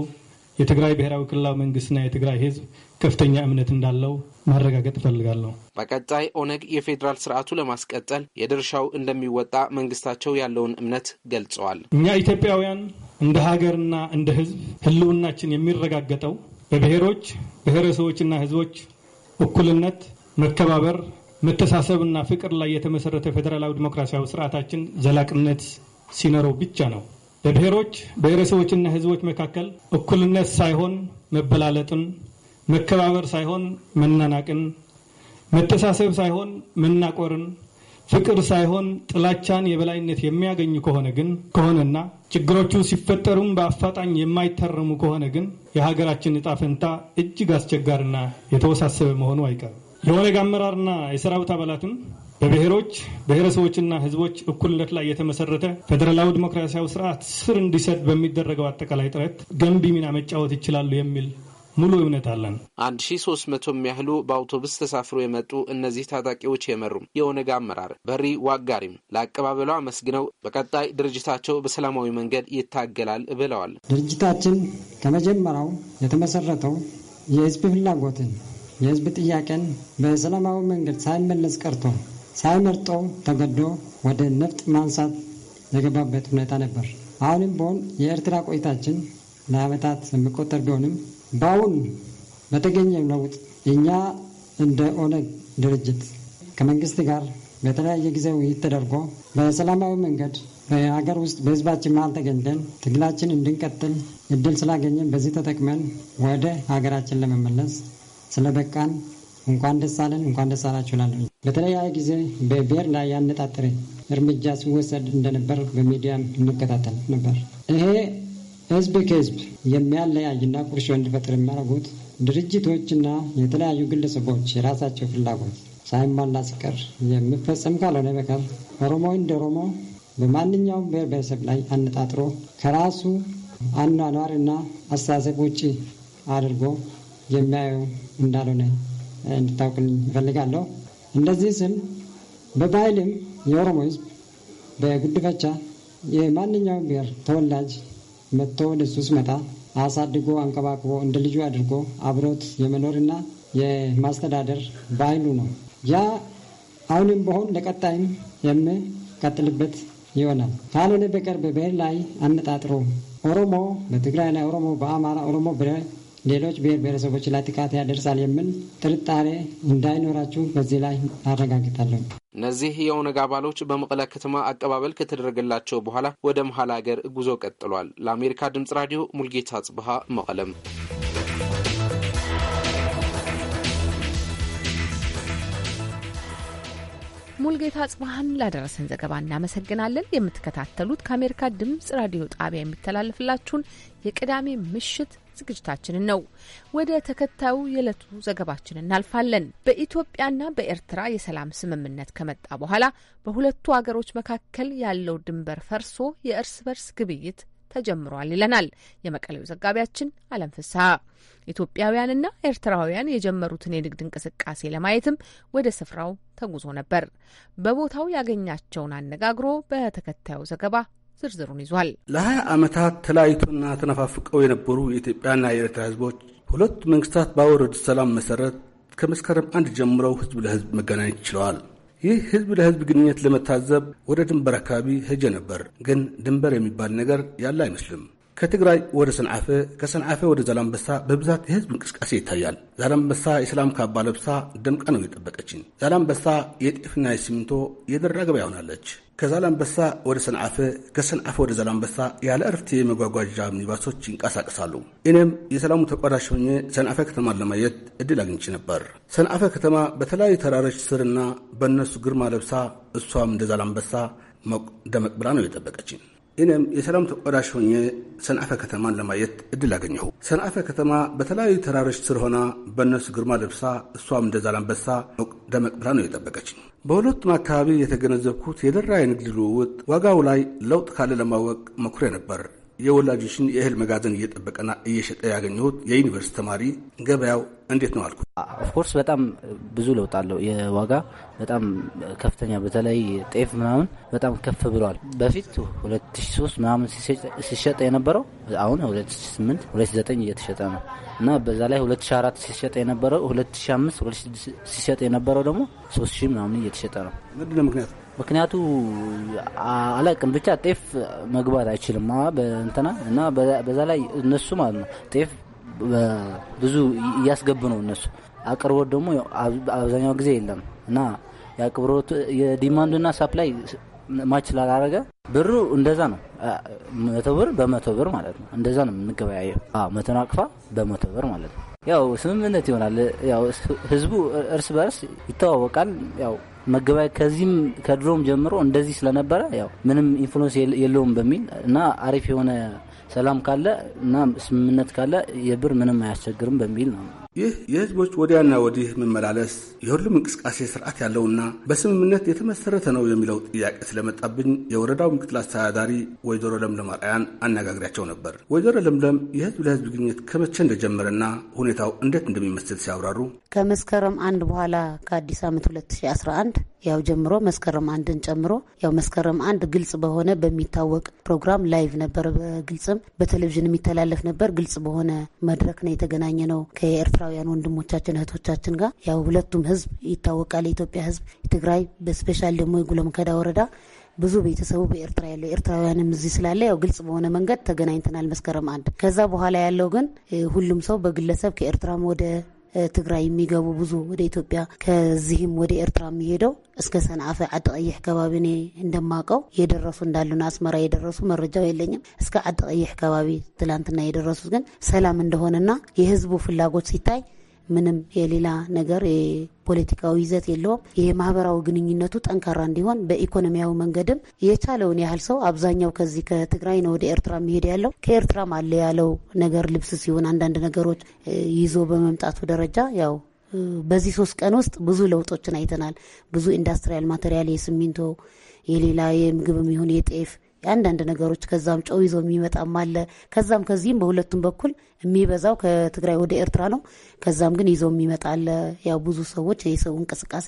የትግራይ ብሔራዊ ክልላዊ መንግስትና የትግራይ ህዝብ ከፍተኛ እምነት እንዳለው ማረጋገጥ እፈልጋለሁ።
በቀጣይ ኦነግ የፌዴራል ስርዓቱ ለማስቀጠል የድርሻው እንደሚወጣ መንግስታቸው ያለውን እምነት ገልጸዋል።
እኛ ኢትዮጵያውያን እንደ ሀገርና እንደ ህዝብ ህልውናችን የሚረጋገጠው በብሔሮች ብሔረሰቦችና ህዝቦች እኩልነት፣ መከባበር፣ መተሳሰብና ፍቅር ላይ የተመሰረተ ፌዴራላዊ ዲሞክራሲያዊ ስርዓታችን ዘላቅነት ሲኖረው ብቻ ነው። በብሔሮች ብሔረሰቦችና ህዝቦች መካከል እኩልነት ሳይሆን መበላለጥን መከባበር ሳይሆን መናናቅን፣ መተሳሰብ ሳይሆን መናቆርን፣ ፍቅር ሳይሆን ጥላቻን የበላይነት የሚያገኙ ከሆነ ግን ከሆነና ችግሮቹ ሲፈጠሩም በአፋጣኝ የማይታረሙ ከሆነ ግን የሀገራችን እጣ ፈንታ እጅግ አስቸጋሪና የተወሳሰበ መሆኑ አይቀርም። የኦነግ አመራርና የሰራዊት አባላትም በብሔሮች ብሔረሰቦችና ሕዝቦች እኩልነት ላይ የተመሰረተ ፌዴራላዊ ዲሞክራሲያዊ ስርዓት ስር እንዲሰድ በሚደረገው አጠቃላይ ጥረት ገንቢ ሚና መጫወት ይችላሉ የሚል ሙሉ እምነት አለን።
አንድ ሺ ሶስት መቶ የሚያህሉ በአውቶቡስ ተሳፍሮ የመጡ እነዚህ ታጣቂዎች የመሩም የኦነግ አመራር በሪ ዋጋሪም ለአቀባበሉ አመስግነው በቀጣይ ድርጅታቸው በሰላማዊ መንገድ ይታገላል ብለዋል።
ድርጅታችን ከመጀመሪያው የተመሰረተው የህዝብ ፍላጎትን የህዝብ ጥያቄን በሰላማዊ መንገድ ሳይመለስ ቀርቶ ሳይመርጠው ተገዶ ወደ ነፍጥ ማንሳት የገባበት ሁኔታ ነበር። አሁንም በሆን የኤርትራ ቆይታችን ለዓመታት የሚቆጠር ቢሆንም በአሁን በተገኘ ለውጥ የእኛ እንደ ኦነግ ድርጅት ከመንግስት ጋር በተለያየ ጊዜ ውይይት ተደርጎ በሰላማዊ መንገድ በሀገር ውስጥ በህዝባችን መሀል ተገኝተን ትግላችን እንድንቀጥል እድል ስላገኘን በዚህ ተጠቅመን ወደ ሀገራችን ለመመለስ ስለበቃን እንኳን ደስ አለን፣ እንኳን ደስ አላችሁ እላለሁ። በተለያየ ጊዜ በብሔር ላይ ያነጣጠረ እርምጃ ሲወሰድ እንደነበር በሚዲያም እንከታተል ነበር። ይሄ ህዝብ ከህዝብ የሚያለያይና ቁርሾ እንዲፈጥር የሚያደርጉት ድርጅቶችና የተለያዩ ግለሰቦች የራሳቸው ፍላጎት ሳይሟላ ሲቀር የሚፈጸም ካልሆነ በቀር ኦሮሞ እንደ ኦሮሞ በማንኛውም ብሔር ብሔረሰብ ላይ አነጣጥሮ ከራሱ አኗኗርና አስተሳሰብ ውጭ አድርጎ የሚያየው እንዳልሆነ እንድታውቅልኝ ይፈልጋለሁ። እንደዚህ ስም በባህልም የኦሮሞ ህዝብ በጉድፈቻ የማንኛውም ብሔር ተወላጅ መጥቶ ወደ እሱ ስመጣ አሳድጎ አንከባክቦ እንደ ልጁ አድርጎ አብሮት የመኖርና የማስተዳደር ባህሉ ነው። ያ አሁንም በሆን ለቀጣይም የምቀጥልበት ይሆናል። ካልሆነ በቀር በብሔር ላይ አነጣጥሮ ኦሮሞ በትግራይ ላይ ኦሮሞ በአማራ ኦሮሞ ሌሎች ብሔር ብሔረሰቦች ላይ ጥቃት ያደርሳል የሚል ጥርጣሬ እንዳይኖራችሁ በዚህ ላይ አረጋግጣለሁ።
እነዚህ የኦነግ አባሎች በመቀለ ከተማ አቀባበል ከተደረገላቸው በኋላ ወደ መሀል ሀገር ጉዞ ቀጥሏል። ለአሜሪካ ድምጽ ራዲዮ ሙልጌታ ጽብሃ መቀለም።
ሙልጌታ ጽብሃን ላደረሰን ዘገባ እናመሰግናለን። የምትከታተሉት ከአሜሪካ ድምጽ ራዲዮ ጣቢያ የሚተላለፍላችሁን የቅዳሜ ምሽት ዝግጅታችንን ነው። ወደ ተከታዩ የዕለቱ ዘገባችን እናልፋለን። በኢትዮጵያና በኤርትራ የሰላም ስምምነት ከመጣ በኋላ በሁለቱ አገሮች መካከል ያለው ድንበር ፈርሶ የእርስ በርስ ግብይት ተጀምሯል ይለናል የመቀሌው ዘጋቢያችን አለም ፍስሀ። ኢትዮጵያውያንና ኤርትራውያን የጀመሩትን የንግድ እንቅስቃሴ ለማየትም ወደ ስፍራው ተጉዞ ነበር። በቦታው ያገኛቸውን አነጋግሮ በተከታዩ ዘገባ ዝርዝሩን ይዟል።
ለሀያ ዓመታት ተለያይቶና ተነፋፍቀው የነበሩ የኢትዮጵያና የኤርትራ ህዝቦች ሁለቱ መንግስታት ባወረዱት ሰላም መሰረት ከመስከረም አንድ ጀምረው ህዝብ ለህዝብ መገናኘት ችለዋል። ይህ ህዝብ ለህዝብ ግንኙነት ለመታዘብ ወደ ድንበር አካባቢ ሄጄ ነበር፣ ግን ድንበር የሚባል ነገር ያለ አይመስልም። ከትግራይ ወደ ሰንዓፈ ከሰንዓፈ ወደ ዛላምበሳ በብዛት የህዝብ እንቅስቃሴ ይታያል። ዛላምበሳ የሰላም ካባ ለብሳ ደምቃ ነው የጠበቀችን። ዛላምበሳ የጤፍና የሲሚንቶ የደራ ገበያ ሆናለች። ከዛላምበሳ ወደ ሰንዓፈ ከሰንዓፈ ወደ ዛላምበሳ ያለ እረፍት የመጓጓዣ ሚኒባሶች ይንቀሳቀሳሉ። እኔም የሰላሙ ተቋዳሽ ሆኜ ሰንዓፈ ከተማን ለማየት እድል አግኝቼ ነበር። ሰንዓፈ ከተማ በተለያዩ ተራሮች ስርና በእነሱ ግርማ ለብሳ እሷም እንደ ዛላምበሳ ደመቅ ብላ ነው የጠበቀችን። እኔም የሰላም ተቋዳሽ ሆኜ ሰንአፈ ከተማን ለማየት እድል አገኘሁ። ሰንአፈ ከተማ በተለያዩ ተራሮች ስር ሆና በእነሱ ግርማ ለብሳ እሷም እንደ ዛላንበሳ ደመቅ ብላ ነው የጠበቀችኝ። በሁለቱም አካባቢ የተገነዘብኩት የደራ የንግድ ልውውጥ ዋጋው ላይ ለውጥ ካለ ለማወቅ መኩሬ ነበር። የወላጆችን የእህል መጋዘን እየጠበቀና እየሸጠ ያገኘሁት የዩኒቨርስቲ ተማሪ ገበያው እንዴት ነው አልኩት።
ኦፍኮርስ ah, በጣም ብዙ ለውጥ አለው። የዋጋ በጣም ከፍተኛ በተለይ ጤፍ ምናምን በጣም ከፍ ብሏል። በፊት 2003 ምናምን ሲሸጥ የነበረው አሁን 2008 2009 እየተሸጠ ነው እና በዛ ላይ 2004 ሲሸጥ የነበረው 2005 2006 ሲሸጥ የነበረው ደግሞ 3000 ምናምን እየተሸጠ ነው። ምንድነው ምክንያት ምክንያቱ አላቅም ብቻ ጤፍ መግባት አይችልም በእንትና እና በዛ ላይ እነሱ ማለት ነው ጤፍ ብዙ እያስገቡ ነው እነሱ አቅርቦት ደግሞ አብዛኛው ጊዜ የለም እና የአቅርቦት የዲማንዱና ሳፕላይ ማች ላላረገ ብሩ እንደዛ ነው። መቶ ብር በመቶ ብር ማለት ነው። እንደዛ ነው የምንገበያየው። መቶን አቅፋ በመቶ ብር ማለት ነው። ያው ስምምነት ይሆናል። ያው ህዝቡ እርስ በርስ ይተዋወቃል። ያው መገበያ ከዚህም ከድሮም ጀምሮ እንደዚህ ስለነበረ ያው ምንም ኢንፍሉንስ የለውም በሚል እና አሪፍ የሆነ ሰላም ካለ እና ስምምነት ካለ የብር ምንም አያስቸግርም በሚል ነው
ይህ የህዝቦች ወዲያና ወዲህ መመላለስ የሁሉም እንቅስቃሴ ስርዓት ያለውና በስምምነት የተመሰረተ ነው የሚለው ጥያቄ ስለመጣብኝ የወረዳው ምክትል አስተዳዳሪ ወይዘሮ ለምለም አርያን አነጋግሪያቸው ነበር። ወይዘሮ ለምለም የህዝብ ለህዝብ ግኝት ከመቼ እንደጀመረና ሁኔታው እንዴት እንደሚመስል ሲያብራሩ
ከመስከረም አንድ በኋላ ከአዲስ ዓመት 2011 ያው ጀምሮ መስከረም አንድን ጨምሮ ያው መስከረም አንድ ግልጽ በሆነ በሚታወቅ ፕሮግራም ላይቭ ነበር። በግልጽም በቴሌቪዥን የሚተላለፍ ነበር። ግልጽ በሆነ መድረክ ነው የተገናኘ ነው ከኤርትራ ኤርትራውያን ወንድሞቻችን እህቶቻችን ጋር ያው ሁለቱም ህዝብ ይታወቃል። የኢትዮጵያ ህዝብ ትግራይ፣ በስፔሻል ደግሞ የጉለምከዳ ወረዳ ብዙ ቤተሰቡ በኤርትራ ያለው ኤርትራውያንም እዚህ ስላለ ያው ግልጽ በሆነ መንገድ ተገናኝተናል መስከረም አንድ። ከዛ በኋላ ያለው ግን ሁሉም ሰው በግለሰብ ከኤርትራም ወደ ትግራይ የሚገቡ ብዙ ወደ ኢትዮጵያ ከዚህም ወደ ኤርትራ የሚሄደው እስከ ሰንአፈ ዓዲ ቀይሕ ከባቢ እኔ እንደማቀው የደረሱ እንዳሉና አስመራ የደረሱ መረጃው የለኝም። እስከ ዓዲ ቀይሕ ከባቢ ትላንትና የደረሱት ግን ሰላም እንደሆነና የህዝቡ ፍላጎት ሲታይ ምንም የሌላ ነገር የፖለቲካዊ ይዘት የለውም። ይሄ ማህበራዊ ግንኙነቱ ጠንካራ እንዲሆን በኢኮኖሚያዊ መንገድም የቻለውን ያህል ሰው አብዛኛው ከዚህ ከትግራይ ነው ወደ ኤርትራ የሚሄድ ያለው ከኤርትራም አለ ያለው ነገር ልብስ ሲሆን አንዳንድ ነገሮች ይዞ በመምጣቱ ደረጃ ያው በዚህ ሶስት ቀን ውስጥ ብዙ ለውጦችን አይተናል። ብዙ ኢንዱስትሪያል ማቴሪያል የሲሚንቶ የሌላ የምግብ የሚሆን የጤፍ አንዳንድ ነገሮች ከዛም ጨው ይዞ የሚመጣም አለ። ከዛም ከዚህም በሁለቱም በኩል የሚበዛው ከትግራይ ወደ ኤርትራ ነው። ከዛም ግን ይዞ የሚመጣ አለ። ያው ብዙ ሰዎች የሰው እንቅስቃሴ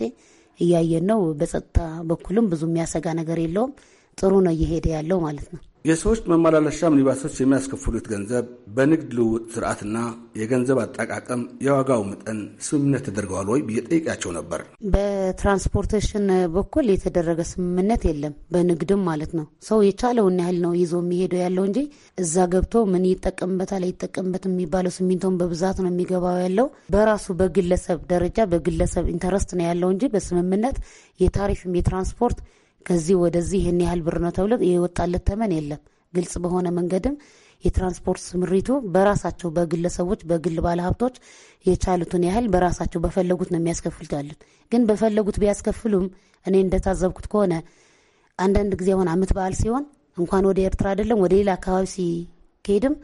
እያየን ነው። በጸጥታ በኩልም ብዙ የሚያሰጋ ነገር የለውም። ጥሩ ነው እየሄደ ያለው ማለት ነው።
የሰዎች መመላለሻ ሚኒባሶች የሚያስከፍሉት ገንዘብ በንግድ ልውውጥ ስርዓትና የገንዘብ አጠቃቀም የዋጋው መጠን ስምምነት ተደርገዋል ወይ ብዬ ጠይቄያቸው ነበር።
በትራንስፖርቴሽን በኩል የተደረገ ስምምነት የለም። በንግድም ማለት ነው። ሰው የቻለውን ያህል ነው ይዞ የሚሄደው ያለው እንጂ እዛ ገብቶ ምን ይጠቀምበታል አይጠቀምበት የሚባለው ሲሚንቶን በብዛት ነው የሚገባው ያለው። በራሱ በግለሰብ ደረጃ በግለሰብ ኢንተረስት ነው ያለው እንጂ በስምምነት የታሪፍም የትራንስፖርት ከዚህ ወደዚህ ይህን ያህል ብር ነው ተብሎ የወጣለት ተመን የለም። ግልጽ በሆነ መንገድም የትራንስፖርት ስምሪቱ በራሳቸው በግለሰቦች በግል ባለሀብቶች የቻሉትን ያህል በራሳቸው በፈለጉት ነው የሚያስከፍሉት። ያሉት ግን በፈለጉት ቢያስከፍሉም እኔ እንደታዘብኩት ከሆነ አንዳንድ ጊዜ አሁን ዓመት በዓል ሲሆን እንኳን ወደ ኤርትራ አይደለም ወደ ሌላ አካባቢ ሲሄድም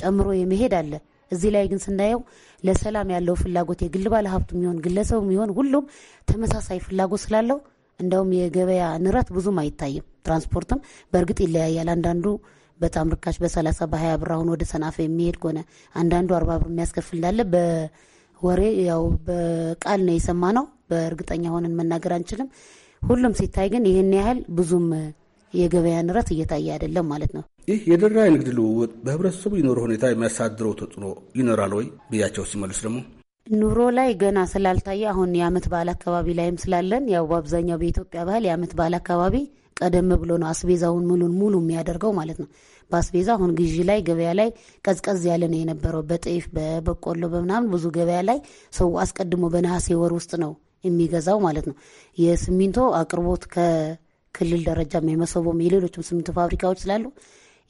ጨምሮ የመሄድ አለ። እዚህ ላይ ግን ስናየው ለሰላም ያለው ፍላጎት የግል ባለሀብቱ የሚሆን ግለሰቡ የሚሆን ሁሉም ተመሳሳይ ፍላጎት ስላለው እንደውም የገበያ ንረት ብዙም አይታይም። ትራንስፖርትም በእርግጥ ይለያያል። አንዳንዱ በጣም ርካሽ በሰላሳ በሀያ ብር አሁን ወደ ሰናፈ የሚሄድ ከሆነ አንዳንዱ አርባ ብር የሚያስከፍል እንዳለ በወሬ ያው በቃል ነው የሰማ ነው። በእርግጠኛ ሆነን መናገር አንችልም። ሁሉም ሲታይ ግን ይህን ያህል ብዙም የገበያ ንረት እየታየ አይደለም ማለት ነው።
ይህ የደራ የንግድ ልውውጥ በህብረተሰቡ ይኖረ ሁኔታ የሚያሳድረው ተጽዕኖ ይኖራል ወይ ብያቸው ሲመልስ ደግሞ
ኑሮ ላይ ገና ስላልታየ አሁን የአመት በዓል አካባቢ ላይም ስላለን ያው በአብዛኛው በኢትዮጵያ ባህል የአመት በዓል አካባቢ ቀደም ብሎ ነው አስቤዛውን ሙሉን ሙሉ የሚያደርገው ማለት ነው። በአስቤዛ አሁን ግዢ ላይ ገበያ ላይ ቀዝቀዝ ያለ ነው የነበረው። በጤፍ በበቆሎ በምናምን ብዙ ገበያ ላይ ሰው አስቀድሞ በነሐሴ ወር ውስጥ ነው የሚገዛው ማለት ነው። የስሚንቶ አቅርቦት ከክልል ደረጃ የመሰቦም የሌሎችም ስሚንቶ ፋብሪካዎች ስላሉ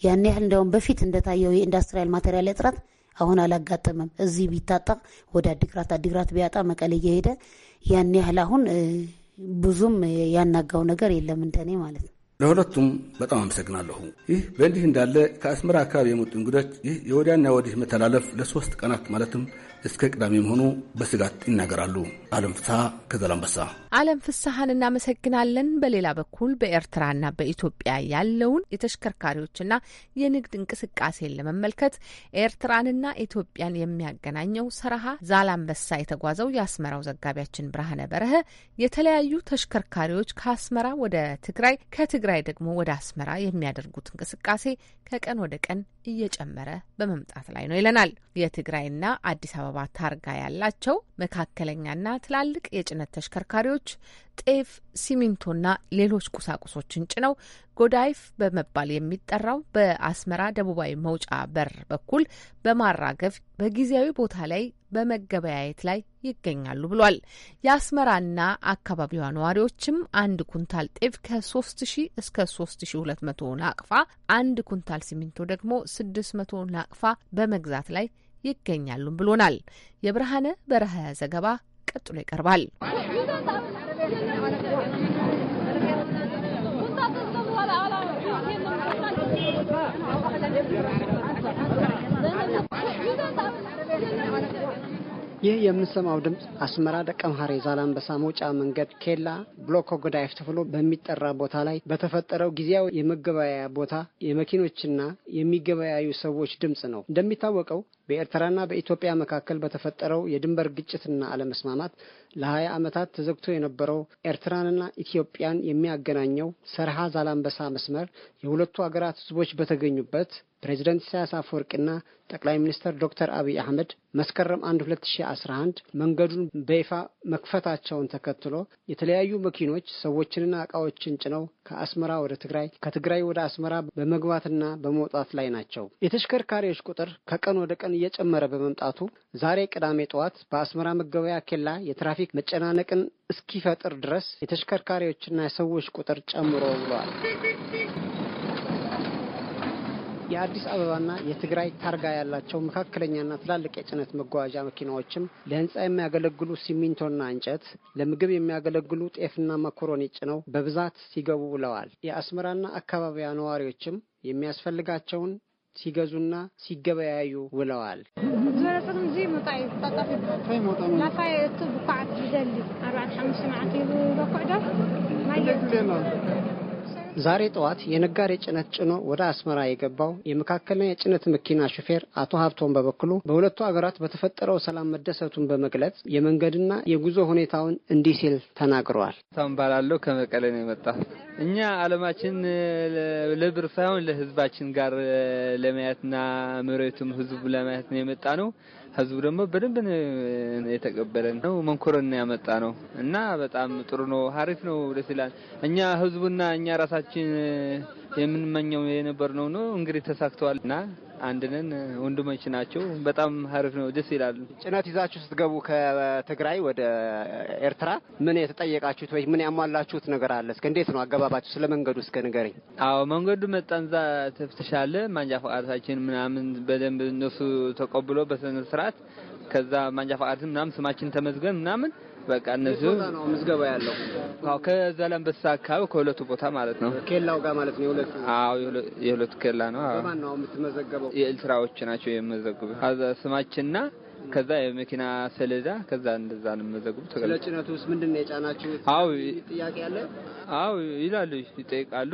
ያን ያህል እንዲያውም በፊት እንደታየው የኢንዱስትሪያል ማቴሪያል እጥረት አሁን አላጋጠመም። እዚህ ቢታጣ ወደ አዲግራት፣ አዲግራት ቢያጣ መቀሌ እየሄደ ያን ያህል አሁን ብዙም ያናጋው ነገር የለም እንደኔ ማለት ነው።
ለሁለቱም በጣም አመሰግናለሁ። ይህ በእንዲህ እንዳለ ከአስመራ አካባቢ የመጡ እንግዶች ይህ የወዲያና ወዲህ መተላለፍ ለሶስት ቀናት ማለትም እስከ ቅዳሜ መሆኑ በስጋት ይናገራሉ። አለም ፍስሐ ከዘላንበሳ።
አለም ፍስሐን እናመሰግናለን። በሌላ በኩል በኤርትራና በኢትዮጵያ ያለውን የተሽከርካሪዎችና የንግድ እንቅስቃሴን ለመመልከት ኤርትራንና ኢትዮጵያን የሚያገናኘው ሰረሃ ዛላንበሳ የተጓዘው የአስመራው ዘጋቢያችን ብርሃነ በረኸ የተለያዩ ተሽከርካሪዎች ከአስመራ ወደ ትግራይ ከትግራይ ደግሞ ወደ አስመራ የሚያደርጉት እንቅስቃሴ ከቀን ወደ ቀን እየጨመረ በመምጣት ላይ ነው ይለናል። የትግራይና አዲስ አበባ አበባ ታርጋ ያላቸው መካከለኛና ትላልቅ የጭነት ተሽከርካሪዎች ጤፍ፣ ሲሚንቶና ሌሎች ቁሳቁሶችን ጭነው ጎዳይፍ በመባል የሚጠራው በአስመራ ደቡባዊ መውጫ በር በኩል በማራገፍ በጊዜያዊ ቦታ ላይ በመገበያየት ላይ ይገኛሉ ብሏል። የአስመራና አካባቢዋ ነዋሪዎችም አንድ ኩንታል ጤፍ ከ3000 እስከ 3200 ናቅፋ፣ አንድ ኩንታል ሲሚንቶ ደግሞ 600 ናቅፋ በመግዛት ላይ ይገኛሉም ብሎናል። የብርሃነ በረሃ ዘገባ ቀጥሎ ይቀርባል።
ይህ የምንሰማው ድምፅ አስመራ ደቀ መሐሬ ዛላምበሳ መውጫ መንገድ ኬላ ብሎኮ ጎዳይፍ ተብሎ በሚጠራ ቦታ ላይ በተፈጠረው ጊዜያዊ የመገበያያ ቦታ የመኪኖችና የሚገበያዩ ሰዎች ድምፅ ነው። እንደሚታወቀው በኤርትራና በኢትዮጵያ መካከል በተፈጠረው የድንበር ግጭትና አለመስማማት ለሀያ ዓመታት ተዘግቶ የነበረው ኤርትራንና ኢትዮጵያን የሚያገናኘው ሰርሃ ዛላንበሳ መስመር የሁለቱ ሀገራት ህዝቦች በተገኙበት ፕሬዚደንት ኢሳያስ አፈወርቂና ጠቅላይ ሚኒስትር ዶክተር አብይ አህመድ መስከረም 1 2011 መንገዱን በይፋ መክፈታቸውን ተከትሎ የተለያዩ መኪኖች ሰዎችንና እቃዎችን ጭነው ከአስመራ ወደ ትግራይ ከትግራይ ወደ አስመራ በመግባትና በመውጣት ላይ ናቸው። የተሽከርካሪዎች ቁጥር ከቀን ወደ ቀን እየጨመረ በመምጣቱ ዛሬ ቅዳሜ ጠዋት በአስመራ መገበያ ኬላ የትራፊክ መጨናነቅን እስኪፈጥር ድረስ የተሽከርካሪዎችና የሰዎች ቁጥር ጨምሮ ብለዋል። የአዲስ አበባና የትግራይ ታርጋ ያላቸው መካከለኛና ትላልቅ የጭነት መጓዣ መኪናዎችም ለህንፃ የሚያገለግሉ ሲሚንቶና እንጨት፣ ለምግብ የሚያገለግሉ ጤፍና መኮሮኒ ጭነው በብዛት ሲገቡ ውለዋል። የአስመራና አካባቢያ ነዋሪዎችም የሚያስፈልጋቸውን ሲገዙና ሲገበያዩ ውለዋል። ዛሬ ጠዋት የነጋዴ ጭነት ጭኖ ወደ አስመራ የገባው የመካከለኛ የጭነት መኪና ሹፌር አቶ ሀብቶን በበኩሉ በሁለቱ ሀገራት በተፈጠረው ሰላም መደሰቱን በመግለጽ የመንገድና የጉዞ ሁኔታውን እንዲህ ሲል ተናግረዋል።
ታም ባላለው ነው የመጣ እኛ አለማችን ለብር ሳይሆን ለህዝባችን ጋር ለማየትና መሬቱም ህዝቡ ለማየት ነው የመጣ ነው። ህዝቡ ደግሞ በደንብ የተቀበለን ነው። መንኮረን ያመጣ ነው እና በጣም ጥሩ ነው፣ ሀሪፍ ነው፣ ደስ ይላል። እኛ ህዝቡና እኛ ራሳችን የምንመኘው የነበር ነው። እንግዲህ ተሳክተዋል እና አንድነን ወንድሞች ናቸው። በጣም ሀሪፍ ነው፣ ደስ ይላል።
ጭነት ይዛችሁ ስትገቡ ከትግራይ ወደ ኤርትራ ምን የተጠየቃችሁት ወይ ምን ያሟላችሁት ነገር አለ? እስከ እንዴት ነው አገባባችሁ? ስለ መንገዱ እስከ ንገረኝ።
አዎ መንገዱ መጣንዛ ተፍትሻለ። ማንጃ ፈቃዳችን ምናምን በደንብ እነሱ ተቀብሎ በስነ ስርዓት ከዛ ማንጃ ፈቃዳችን ምናምን ስማችን ተመዝገን ምናምን በቃ እነሱ ምዝገባ ያለው አዎ፣ ከዘለንበሳ አካባቢ ከሁለቱ ቦታ ማለት ነው። ኬላው ጋር ማለት ነው። የሁለቱ አዎ፣ የሁለቱ ኬላ ነው። አዎ፣ ማን ነው የምትመዘገበው? የኤልትራዎች ናቸው የመዘግቡ ስማችንና ከዛ የመኪና ሰሌዳ ከዛ እንደዛ ነው የምመዘግቡት። ስለ ጭነቱስ ምንድን ነው የጫናችሁት? አዎ፣ ጥያቄ አለ? አዎ ይላሉ፣ ይጠይቃሉ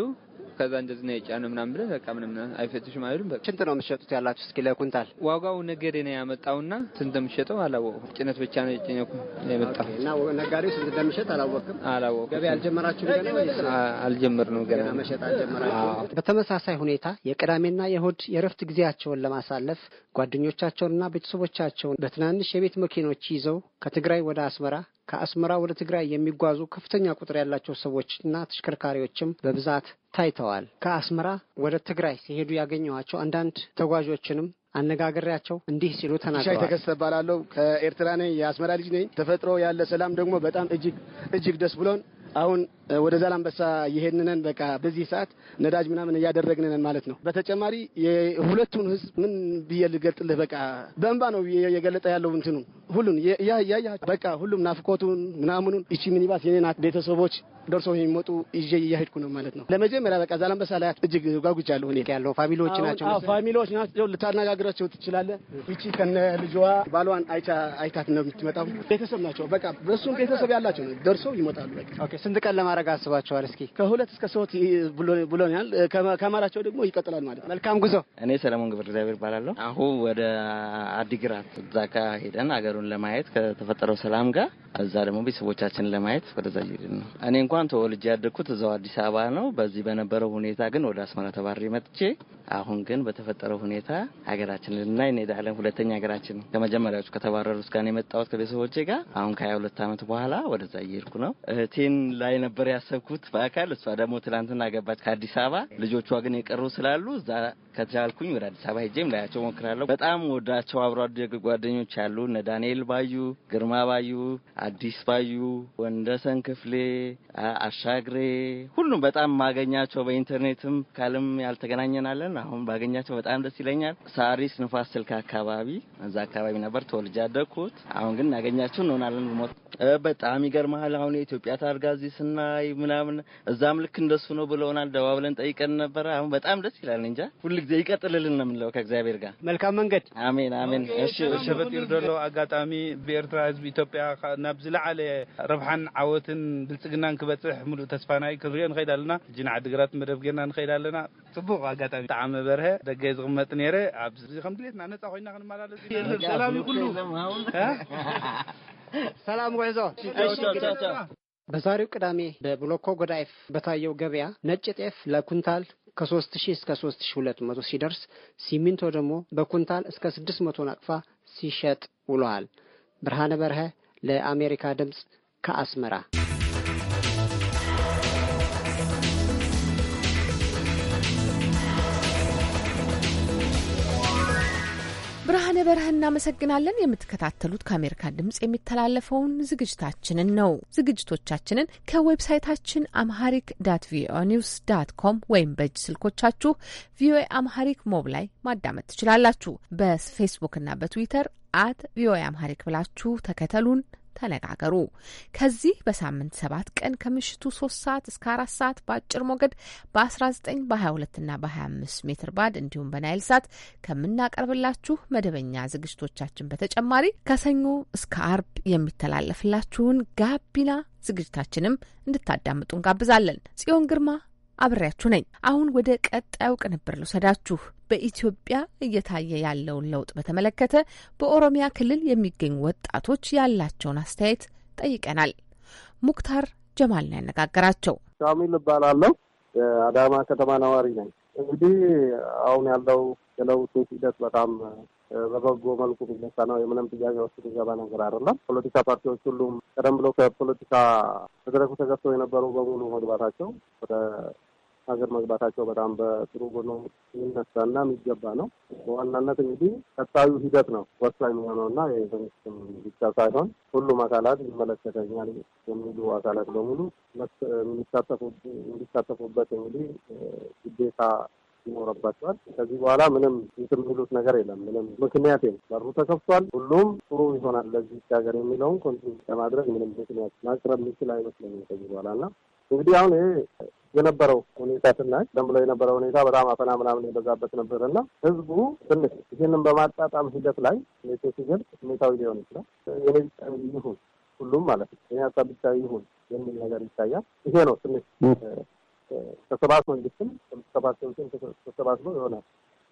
ከዛ እንደዚህ ነው የጫነ ምናምን ብለህ በቃ ምንም አይፈትሽም አይሉም። በቃ ስንት ነው የምትሸጡት ያላችሁ? እስኪ ለኩንታል ዋጋው ነጋዴ ነው ያመጣውና ስንት እንደምትሸጠው አላወቅሁም። ጭነት ብቻ ነው የጭኘኩ የመጣው እና
ነጋዴው ስንት እንደምትሸጥ አላወቅም
አላወቅም። ገበያ አልጀመራችሁም ገና ወይስ? አልጀመርንም ገና
መሸጥ አልጀመራችሁም። በተመሳሳይ ሁኔታ የቅዳሜና የእሁድ የእረፍት ጊዜያቸውን ለማሳለፍ ጓደኞቻቸውንና ቤተሰቦቻቸውን በትናንሽ የቤት መኪኖች ይዘው ከትግራይ ወደ አስመራ ከአስመራ ወደ ትግራይ የሚጓዙ ከፍተኛ ቁጥር ያላቸው ሰዎችና ተሽከርካሪዎችም በብዛት ታይተዋል። ከአስመራ ወደ ትግራይ ሲሄዱ ያገኘኋቸው አንዳንድ ተጓዦችንም አነጋግሬያቸው እንዲህ ሲሉ ተናግረዋል። ተከሰተ እባላለሁ። ከኤርትራ ነኝ። የአስመራ ልጅ ነኝ። ተፈጥሮ ያለ ሰላም ደግሞ በጣም እጅግ እጅግ ደስ ብሎን አሁን ወደ ዛላንበሳ የሄድንነን በቃ በዚህ ሰዓት ነዳጅ ምናምን እያደረግንነን ማለት ነው። በተጨማሪ የሁለቱን ህዝብ ምን ብዬ ልገልጥልህ? በቃ በእንባ ነው የገለጠ ያለው እንትኑ ሁሉን በቃ ሁሉም ናፍቆቱን ምናምኑን። እቺ ሚኒባስ የኔ ናት ቤተሰቦች ደርሶ የሚመጡ ይዤ እያሄድኩ ነው ማለት ነው። ለመጀመሪያ በቃ ዛላምበሳ ላይ እጅግ ጓጉቻለሁ። እኔ ያለው ፋሚሊዎች ናቸው ፋሚሊዎች ናቸው። ልታነጋግሯቸው ትችላለህ። ይቺ ከነ ልጅዋ ባሏን አይታት ነው የምትመጣው። ቤተሰብ ናቸው። በቃ በእሱም ቤተሰብ ያላቸው ነው። ደርሶ ይመጣሉ። በቃ ስንት ቀን ለማድረግ አስባቸዋል? እስኪ ከሁለት እስከ ሶስት ብሎኛል። ከማላቸው ደግሞ ይቀጥላል ማለት ነው። መልካም ጉዞ።
እኔ ሰለሞን ግብር እግዚአብሔር እባላለሁ። አሁን ወደ አዲግራት እዛ ሄደን ሀገሩን ለማየት ከተፈጠረው ሰላም ጋር እዛ ደግሞ ቤተሰቦቻችን ለማየት ወደዛ እየሄድን ነው እኔ እንኳ እንኳን ተወልጄ ያደግኩት እዛው አዲስ አበባ ነው። በዚህ በነበረው ሁኔታ ግን ወደ አስመራ ተባሬ መጥቼ አሁን ግን በተፈጠረው ሁኔታ ሀገራችን ልናይ እንሄዳለን። ሁለተኛ ሀገራችን ከመጀመሪያዎቹ ከተባረሩት ጋር የመጣሁት ከቤተሰቦቼ ጋር አሁን ከሀያ ሁለት ዓመት በኋላ ወደዛ እየሄድኩ ነው። እህቴን ላይ ነበር ያሰብኩት በአካል እሷ ደግሞ ትላንትና ገባች ከአዲስ አበባ። ልጆቿ ግን የቀሩ ስላሉ እዛ ከቻልኩኝ ወደ አዲስ አበባ ሄጄም ላያቸው ሞክራለሁ። በጣም ወዳቸው አብሮ አደግ ጓደኞች አሉ እነ ዳንኤል ባዩ፣ ግርማ ባዩ፣ አዲስ ባዩ፣ ወንደሰን ክፍሌ፣ አሻግሬ ሁሉም በጣም ማገኛቸው በኢንተርኔትም ካልም ያልተገናኘናለን። አሁን ባገኛቸው በጣም ደስ ይለኛል። ሳሪስ ንፋስ ስልክ አካባቢ እዛ አካባቢ ነበር ተወልጄ ያደግኩት። አሁን ግን እናገኛቸው እንሆናለን። ሞት በጣም ይገርመሃል። አሁን የኢትዮጵያ ታርጋ እዚህ ስናይ ምናምን እዛም ልክ እንደሱ ነው ብለውናል። ደባብለን ጠይቀን ነበረ። አሁን በጣም ደስ ይላል። እንጃ ጊዜ ይቀጥልልን ነው የምንለው ከእግዚአብሔር ጋር መልካም መንገድ። አሜን አሜን። እሺ ሸበጥ ዘሎ
አጋጣሚ ብኤርትራ ህዝቢ ኢትዮጵያ ናብ ዝለዓለ ረብሓን ዓወትን ብልጽግናን ክበ ክበፅሕ ሙሉእ ተስፋናይ ክንሪኦ ንኸይድ ኣለና ጅና ዓዲግራት መደብ ጌርና ንኸይድ ኣለና ፅቡቅ ኣጋጣሚ ጣዕሚ በርሀ ደገ ዝቕመጥ ነይረ ኣብዚ
ከም ድሌትና
ነፃ ኮይና ክንመላለስ ሰላም ይኩሉ
ሰላም ጉዕዞ በዛሬው ቅዳሜ በብሎኮ ጎዳኤፍ በታየው ገበያ ነጭ ጤፍ ለኩንታል ከ3000 እስከ 3200 ሲደርስ ሲሚንቶ ደግሞ በኩንታል እስከ 600 ናቅፋ ሲሸጥ ውለዋል። ብርሃነ በርሀ ለአሜሪካ ድምፅ ከአስመራ
ብርሃነ በረህ እናመሰግናለን። የምትከታተሉት ከአሜሪካ ድምጽ የሚተላለፈውን ዝግጅታችንን ነው። ዝግጅቶቻችንን ከዌብሳይታችን አምሃሪክ ዳት ቪኦኤ ኒውስ ዳት ኮም ወይም በእጅ ስልኮቻችሁ ቪኦኤ አምሃሪክ ሞብ ላይ ማዳመጥ ትችላላችሁ። በፌስቡክ በትዊተር አት ቪኦኤ አምሃሪክ ብላችሁ ተከተሉን ተነጋገሩ። ከዚህ በሳምንት ሰባት ቀን ከምሽቱ ሶስት ሰዓት እስከ አራት ሰዓት በአጭር ሞገድ በ19 በ22 እና በ25 ሜትር ባንድ እንዲሁም በናይል ሳት ከምናቀርብላችሁ መደበኛ ዝግጅቶቻችን በተጨማሪ ከሰኞ እስከ አርብ የሚተላለፍላችሁን ጋቢና ዝግጅታችንም እንድታዳምጡ እንጋብዛለን። ጽዮን ግርማ አብሬያችሁ ነኝ። አሁን ወደ ቀጣዩ ቅንብር ልውሰዳችሁ። በኢትዮጵያ እየታየ ያለውን ለውጥ በተመለከተ በኦሮሚያ ክልል የሚገኙ ወጣቶች ያላቸውን አስተያየት ጠይቀናል። ሙክታር ጀማል ነው ያነጋገራቸው።
ሻሚል እባላለሁ። የአዳማ ከተማ ነዋሪ ነኝ። እንግዲህ አሁን ያለው የለውጡ ሂደት በጣም በበጎ መልኩ የሚነሳ ነው። የምንም ጥያቄ ውስጥ የሚገባ ነገር አይደለም። ፖለቲካ ፓርቲዎች ሁሉም ቀደም ብሎ ከፖለቲካ መድረኩ ተገፍተው የነበሩ በሙሉ መግባታቸው ወደ ሀገር መግባታቸው በጣም በጥሩ ጎኖ የሚነሳና የሚገባ ነው። በዋናነት እንግዲህ ቀጣዩ ሂደት ነው ወሳኝ የሚሆነው እና የመንግስትም ብቻ ሳይሆን ሁሉም አካላት ይመለከተኛል የሚሉ አካላት በሙሉ የሚሳተፉበት እንግዲህ ግዴታ ይኖረባቸዋል። ከዚህ በኋላ ምንም እንትን የሚሉት ነገር የለም። ምንም ምክንያት የለም። በሩ ተከፍቷል። ሁሉም ጥሩ ይሆናል ለዚህ ሀገር የሚለውን ኮንቲኒ ለማድረግ ምንም ምክንያት ማቅረብ የሚችል አይመስለኝም ከዚህ በኋላ እና እንግዲህ አሁን ይሄ የነበረው ሁኔታ ስናይ ደም ብሎ የነበረው ሁኔታ በጣም አፈና ምናምን የበዛበት ነበር እና ህዝቡ ትንሽ ይህንን በማጣጣም ሂደት ላይ ሲገል ሁኔታዊ ሊሆን ይችላል። የኔ ብቻ ይሁን ሁሉም ማለት ነው የኔ ሀሳብ ብቻ ይሁን የሚል ነገር ይታያል። ይሄ ነው ትንሽ ተሰባስ መንግስትም ተሰባስም ተሰባስበው ይሆናል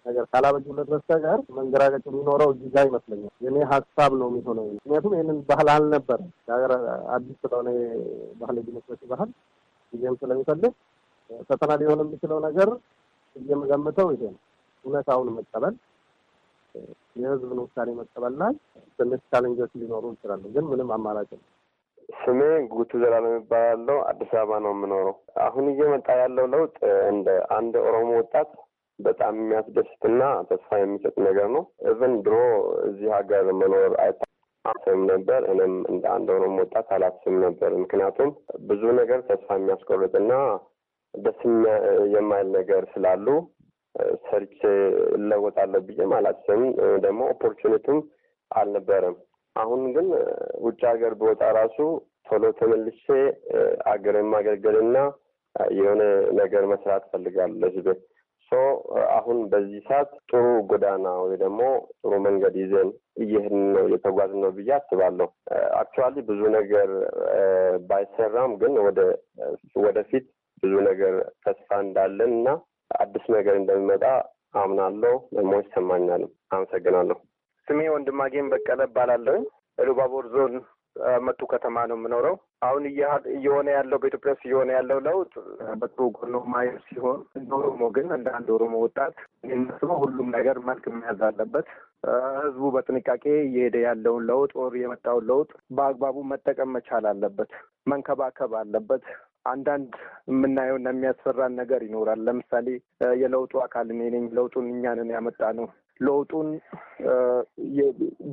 ነገር ካላበጁለት በስተቀር መንገራገጭ የሚኖረው እዚህ ጋር ይመስለኛል። የኔ ሀሳብ ነው የሚሆነው። ምክንያቱም ይህንን ባህል አልነበረ ሀገር አዲስ ስለሆነ ባህል የዲሞክራሲ ባህል ጊዜም ስለሚፈልግ ፈተና ሊሆን የሚችለው ነገር የምገምተው ይሄ ነው። እውነታውን መቀበል፣ የህዝብን ውሳኔ መቀበል ላይ ትንሽ ቻለንጆች ሊኖሩ ይችላሉ፣ ግን ምንም አማራጭ ነው።
ስሜ ጉቱ ዘላለም ይባላለው። አዲስ አበባ ነው የምኖረው። አሁን እየመጣ ያለው ለውጥ እንደ አንድ ኦሮሞ ወጣት በጣም የሚያስደስትና ተስፋ የሚሰጥ ነገር ነው። እብን ድሮ እዚህ ሀገር መኖር አይታሰብም ነበር። እኔም እንደ አንድ ኦሮሞ ወጣት አላስብም ነበር። ምክንያቱም ብዙ ነገር ተስፋ የሚያስቆርጥና በስም የማይል ነገር ስላሉ ሰርች እለወጣለሁ ብዬ አላስብም። ደግሞ ኦፖርቹኒቲም አልነበረም። አሁን ግን ውጭ ሀገር በወጣ ራሱ ቶሎ ተመልሼ አገርን ማገልገልና የሆነ ነገር መስራት ፈልጋለሁ ለህዝብ ሶ አሁን በዚህ ሰዓት ጥሩ ጎዳና ወይ ደግሞ ጥሩ መንገድ ይዘን እየሄድን ነው እየተጓዝን ነው ብዬ አስባለሁ። አክቹዋሊ ብዙ ነገር ባይሰራም ግን ወደፊት ብዙ ነገር ተስፋ እንዳለን እና አዲስ ነገር እንደሚመጣ አምናለሁ፣ ደግሞ ይሰማኛልም። አመሰግናለሁ። ስሜ ወንድማጌም በቀለ እባላለሁ። ኢሉባቦር ዞን መቱ ከተማ ነው የምኖረው። አሁን እየሆነ ያለው በኢትዮጵያ ውስጥ እየሆነ ያለው ለውጥ በጥሩ ጎኖ ማየት ሲሆን እንደ ኦሮሞ ግን እንደ አንድ ኦሮሞ ወጣት የሚመስለው ሁሉም ነገር መልክ መያዝ አለበት። ህዝቡ በጥንቃቄ እየሄደ ያለውን ለውጥ ወር የመጣውን ለውጥ በአግባቡ መጠቀም መቻል አለበት፣ መንከባከብ አለበት። አንዳንድ የምናየውና የሚያስፈራን ነገር ይኖራል። ለምሳሌ የለውጡ አካል እኔ ነኝ፣ ለውጡን እኛንን ያመጣ ነው ለውጡን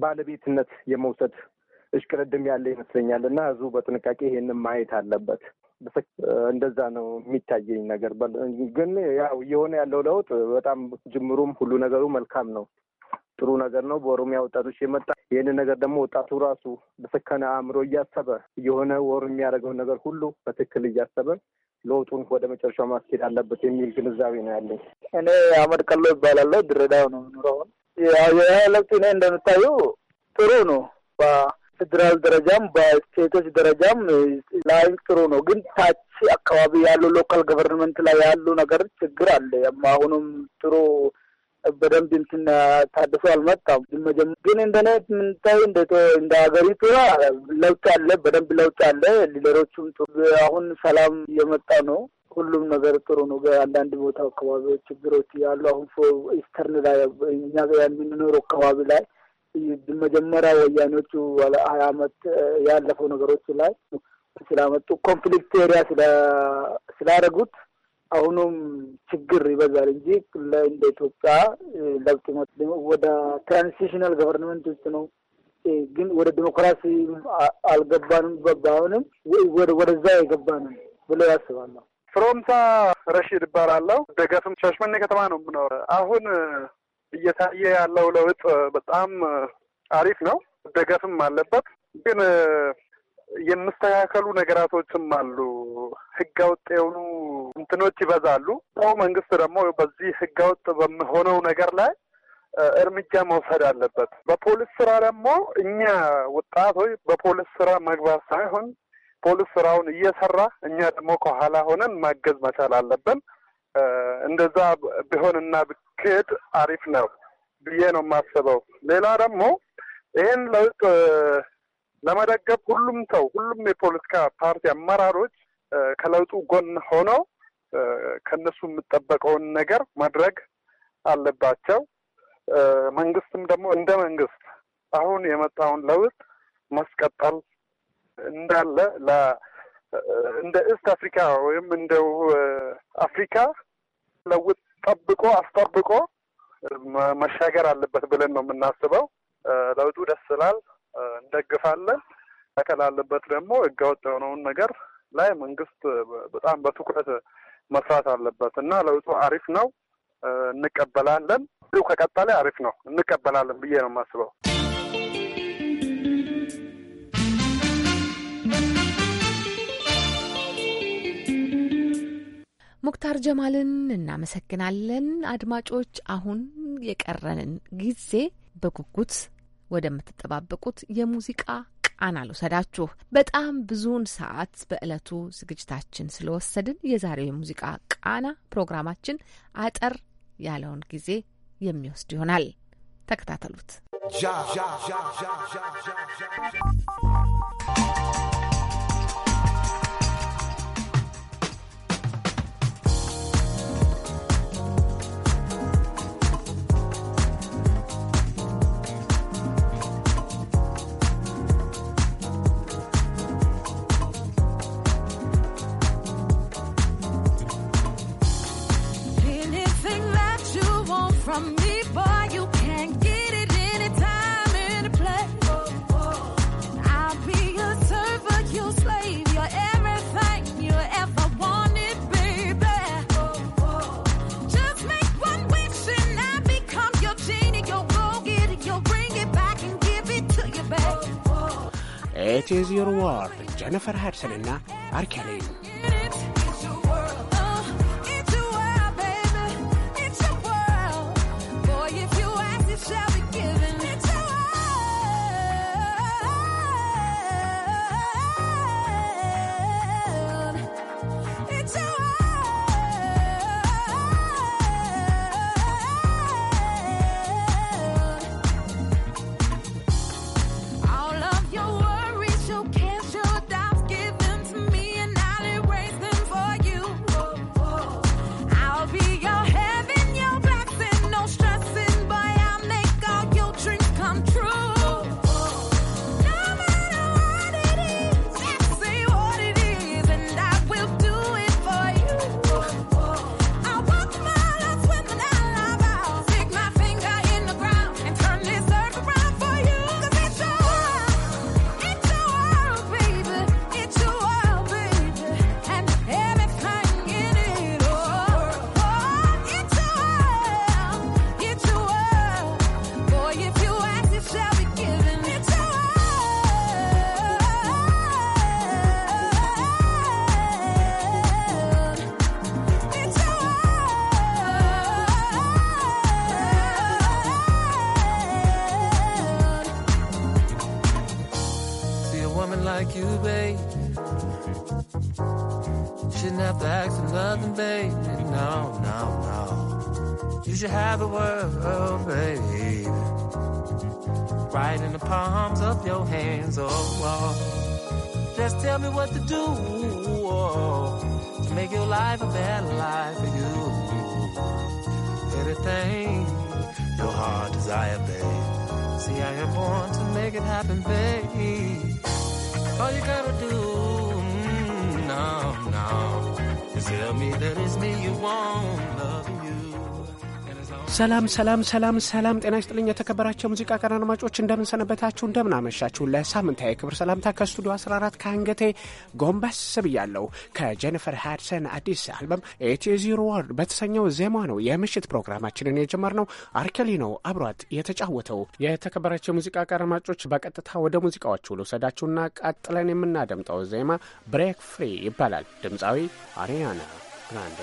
ባለቤትነት የመውሰድ እሽቅድድም ያለ ይመስለኛል እና ህዝቡ በጥንቃቄ ይሄንን ማየት አለበት። እንደዛ ነው የሚታየኝ ነገር። ግን ያው እየሆነ ያለው ለውጥ በጣም ጅምሩም ሁሉ ነገሩ መልካም ነው። ጥሩ ነገር ነው። በኦሮሚያ ወጣቶች የመጣ ይህንን ነገር ደግሞ ወጣቱ ራሱ በሰከነ አእምሮ እያሰበ የሆነ ወር የሚያደርገውን ነገር ሁሉ በትክክል እያሰበ ለውጡን ወደ መጨረሻ ማስኬድ አለበት የሚል ግንዛቤ ነው ያለኝ።
እኔ አመድ ቀሎ ይባላለሁ። ድሬዳዋ ነው ኑሮውን ለውጥ እኔ እንደምታዩ ጥሩ ነው። በፌዴራል ደረጃም በስቴቶች ደረጃም ላይ ጥሩ ነው፣ ግን ታች አካባቢ ያሉ ሎካል ገቨርንመንት ላይ ያሉ ነገር ችግር አለ። አሁኑም ጥሩ በደንብ እንትን ታድሶ አልመጣም። ግን እንደኔ ምንታይ እንደ እንደ ሀገሪቱ ለውጥ አለ፣ በደንብ ለውጥ አለ። ሌሎቹም አሁን ሰላም እየመጣ ነው። ሁሉም ነገር ጥሩ ነው። በአንዳንድ ቦታ አካባቢዎች ችግሮች ያሉ አሁን ኢስተርን ላይ እኛ የምንኖሩ አካባቢ ላይ መጀመሪያ ወያኔዎቹ ሀያ አመት ያለፈው ነገሮች ላይ ስላመጡ ኮንፍሊክት ኤሪያ ስላደረጉት አሁኑም ችግር ይበዛል እንጂ እንደ ኢትዮጵያ ለውጥ ወደ ትራንዚሽናል ገቨርንመንት ውስጥ ነው ግን ወደ ዲሞክራሲ አልገባንም።
በአሁንም ወደዛ አይገባንም ብሎ ያስባለሁ። ፍሮምታ ረሺድ እባላለሁ። ደገፍም ሻሸመኔ ከተማ ነው የምኖር። አሁን እየታየ ያለው ለውጥ በጣም አሪፍ ነው። ደገፍም አለበት ግን የምስተካከሉ ነገራቶችም አሉ። ህግ አውጥ የሆኑ እንትኖች ይበዛሉ። ሰው መንግስት ደግሞ በዚህ ህገወጥ በሚሆነው ነገር ላይ እርምጃ መውሰድ አለበት። በፖሊስ ስራ ደግሞ እኛ ወጣቶች በፖሊስ ስራ መግባት ሳይሆን ፖሊስ ስራውን እየሰራ እኛ ደግሞ ከኋላ ሆነን ማገዝ መቻል አለብን። እንደዛ ቢሆንና ብክድ አሪፍ ነው ብዬ ነው የማስበው። ሌላ ደግሞ ይህን ለውጥ ለመደገፍ ሁሉም ሰው ሁሉም የፖለቲካ ፓርቲ አመራሮች ከለውጡ ጎን ሆነው ከነሱ የምጠበቀውን ነገር ማድረግ አለባቸው። መንግስትም ደግሞ እንደ መንግስት አሁን የመጣውን ለውጥ ማስቀጠል እንዳለ እንደ ኢስት አፍሪካ ወይም እንደው አፍሪካ ለውጥ ጠብቆ አስጠብቆ መሻገር አለበት ብለን ነው የምናስበው። ለውጡ ደስ ይላል፣ እንደግፋለን። ተከላለበት ደግሞ ህገወጥ የሆነውን ነገር ላይ መንግስት በጣም በትኩረት መስራት አለበት እና ለውጡ አሪፍ ነው እንቀበላለን። ከቀጠለ አሪፍ ነው እንቀበላለን ብዬ ነው የማስበው።
ሙክታር ጀማልን እናመሰግናለን። አድማጮች፣ አሁን የቀረንን ጊዜ በጉጉት ወደምትጠባበቁት የሙዚቃ ቃና ልውሰዳችሁ። በጣም ብዙውን ሰዓት በዕለቱ ዝግጅታችን ስለወሰድን የዛሬው የሙዚቃ ቃና ፕሮግራማችን አጠር ያለውን ጊዜ የሚወስድ ይሆናል። ተከታተሉት።
ቼዝ ዮር ዋርልድ ጀነፈር ሃድሰን እና አርኬሌን
That life for you. Anything your heart desire, babe.
See, I am born to
make it happen, babe. All you gotta do,
mm, no, no, is tell me that it's me you want. ሰላም
ሰላም ሰላም ሰላም፣ ጤና ይስጥልኝ የተከበራቸው የሙዚቃ ቀን አድማጮች፣ እንደምንሰነበታችሁ፣ እንደምናመሻችሁ። ለሳምንታዊ የክብር ሰላምታ ከስቱዲዮ 14 ከአንገቴ ጎንበስ ብያለሁ። ከጀኒፈር ሃድሰን አዲስ አልበም ኤቲዚሮ ወርድ በተሰኘው ዜማ ነው የምሽት ፕሮግራማችንን የጀመርነው። አርኬሊ ነው አብሯት የተጫወተው። የተከበራቸው የሙዚቃ ቀን አድማጮች፣ በቀጥታ ወደ ሙዚቃዎቹ ልውሰዳችሁና ቀጥለን የምናደምጠው ዜማ ብሬክ ፍሪ ይባላል። ድምፃዊ አሪያና ግራንዴ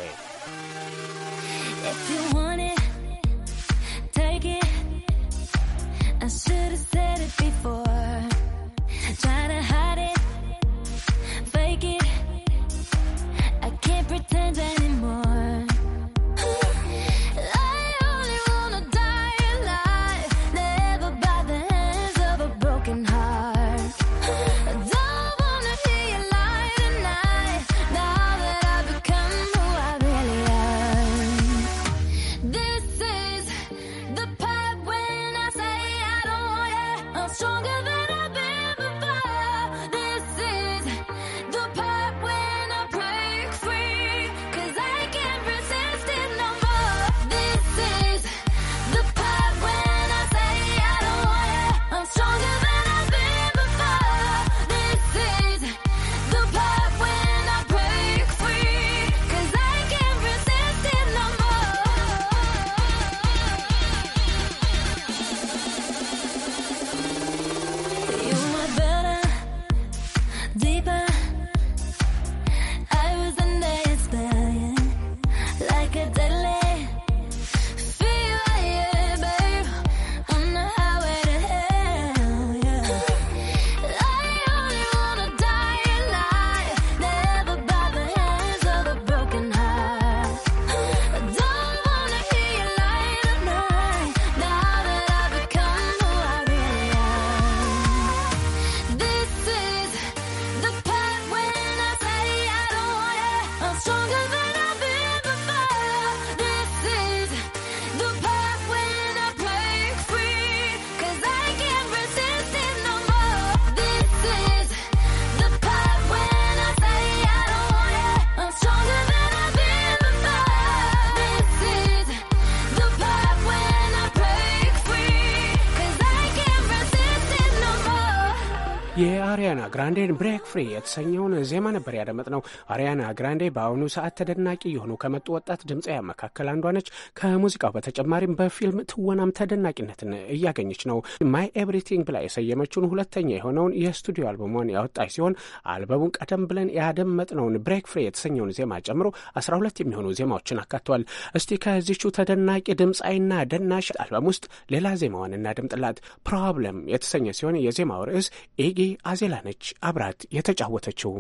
ግራንዴን ብሬክ ፍሪ የተሰኘውን ዜማ ነበር ያደመጥነው። አሪያና ግራንዴ በአሁኑ ሰዓት ተደናቂ የሆኑ ከመጡ ወጣት ድምፃውያን መካከል አንዷ ነች። ከሙዚቃው በተጨማሪም በፊልም ትወናም ተደናቂነትን እያገኘች ነው። ማይ ኤቭሪቲንግ ብላ የሰየመችውን ሁለተኛ የሆነውን የስቱዲዮ አልበሟን ያወጣች ሲሆን አልበሙን ቀደም ብለን ያደመጥነውን ብሬክ ፍሪ የተሰኘውን ዜማ ጨምሮ አስራ ሁለት የሚሆኑ ዜማዎችን አካቷል። እስቲ ከዚቹ ተደናቂ ድምፃይና ደናሽ አልበም ውስጥ ሌላ ዜማዋን እናድምጥላት። ፕሮብለም የተሰኘ ሲሆን የዜማው ርዕስ ኤጌ አዜላ ነች። አብራት የተጫወተችው።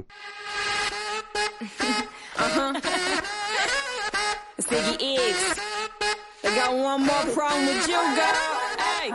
Ziggy
Iggs, I got one more problem with you, girl.
Hey.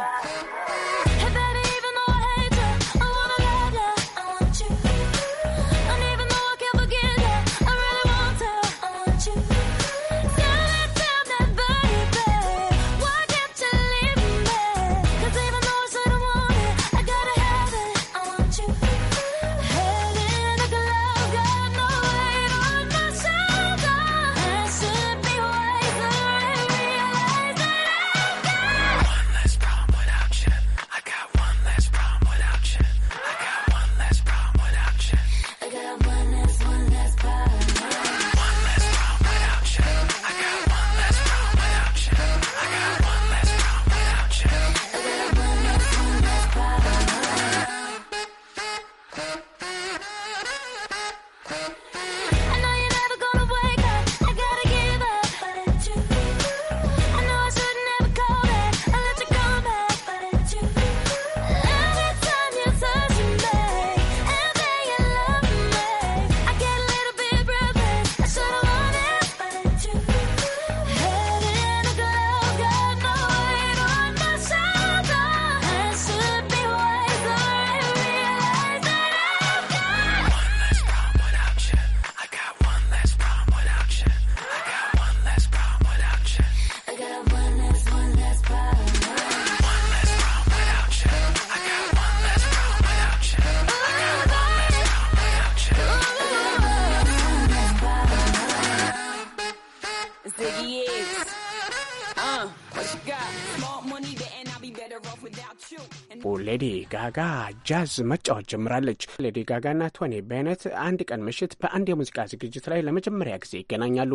ጋጋ ጃዝ መጫወት ጀምራለች። ሌዲ ጋጋና ቶኒ ቤነት አንድ ቀን ምሽት በአንድ የሙዚቃ ዝግጅት ላይ ለመጀመሪያ ጊዜ ይገናኛሉ።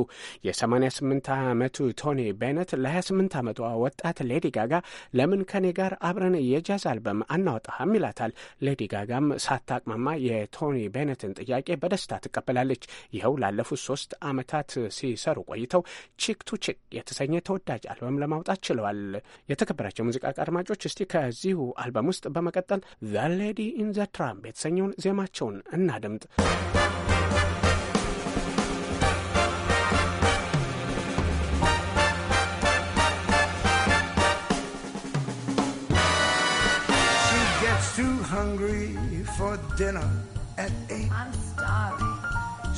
የ88 ዓመቱ ቶኒ ቤነት ለ28 ዓመቷ ወጣት ሌዲ ጋጋ ለምን ከኔ ጋር አብረን የጃዝ አልበም አናወጣም ይላታል። ሌዲ ጋጋም ሳታቅማማ የቶኒ ቤነትን ጥያቄ በደስታ ትቀበላለች። ይኸው ላለፉት ሶስት ዓመታት ሲሰሩ ቆይተው ቺክ ቱ ቺክ የተሰኘ ተወዳጅ አልበም ለማውጣት ችለዋል። የተከበራቸው የሙዚቃ አድማጮች፣ እስቲ ከዚሁ አልበም ውስጥ በመቀጠል ይሰኛል። ዘ ሌዲ ኢን ዘ ትራምፕ የተሰኘውን ዜማቸውን እናድምጥ።
Too hungry for dinner at eight. I'm starving.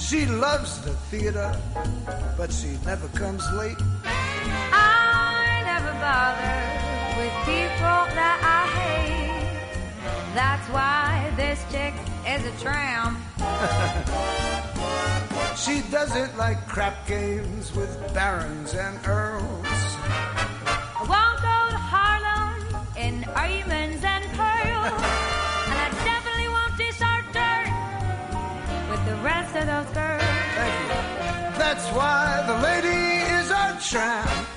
She loves the theater, but she never comes late.
I never bother with people that I hate. That's why this chick is a tramp.
[LAUGHS] she does it like crap games with barons and earls.
I won't go to Harlem in diamonds and pearls. and I definitely won't dish our dirt with the rest of those girls. That's why the lady is a
tramp.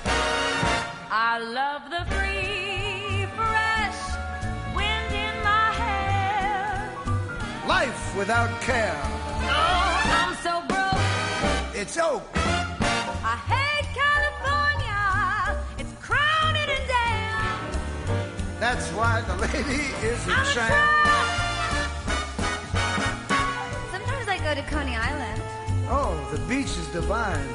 without care.
Oh, I'm so broke. It's oak. I hate California. It's crowded and damn.
That's why the lady is a I'm tramp.
Sometimes I go to Coney Island.
Oh, the beach is divine.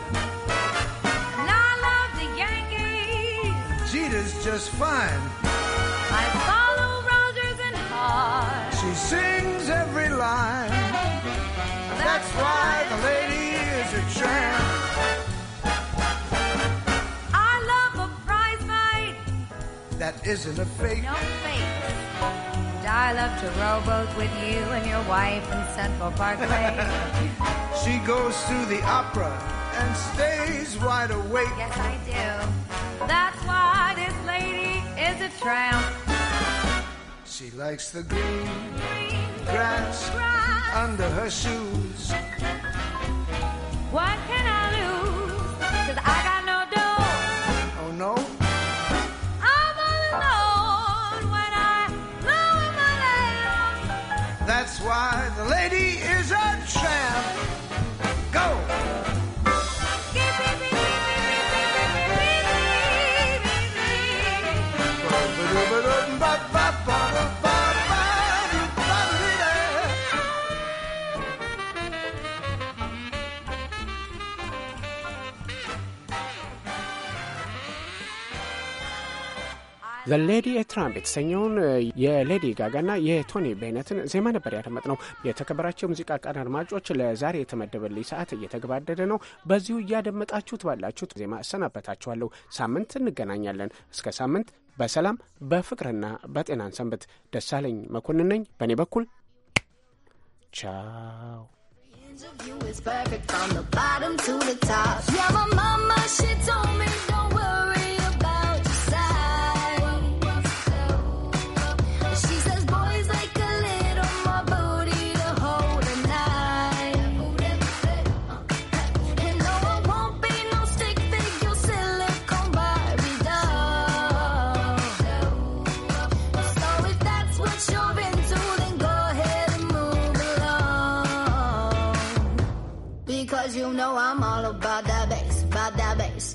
And I love the Yankees.
Jeter's just fine.
I follow Rogers and Hart. She sings every line. That's why the lady is a champ. I love a prize fight.
That isn't a fake. No
fake. I love to rowboat with you and your wife in Central Parkway.
[LAUGHS] she goes to the opera and stays wide awake.
Yes, I do. That's why this lady is a tramp.
She likes the green grass, grass. under her shoes.
Why can I?
ዘ ሌዲ ትራምፕ የተሰኘውን uh, የሌዲ ጋጋና የቶኒ ቤነትን ዜማ ነበር ያደመጥነው። የተከበራቸው የሙዚቃ ቀን አድማጮች፣ ለዛሬ የተመደበልኝ ሰዓት እየተገባደደ ነው። በዚሁ እያደመጣችሁት ባላችሁት ዜማ እሰናበታችኋለሁ። ሳምንት እንገናኛለን። እስከ ሳምንት በሰላም በፍቅርና በጤናን ሰንብት። ደሳለኝ መኮንን ነኝ። በእኔ በኩል ቻው።
Yeah, my mama, she told
me, don't worry.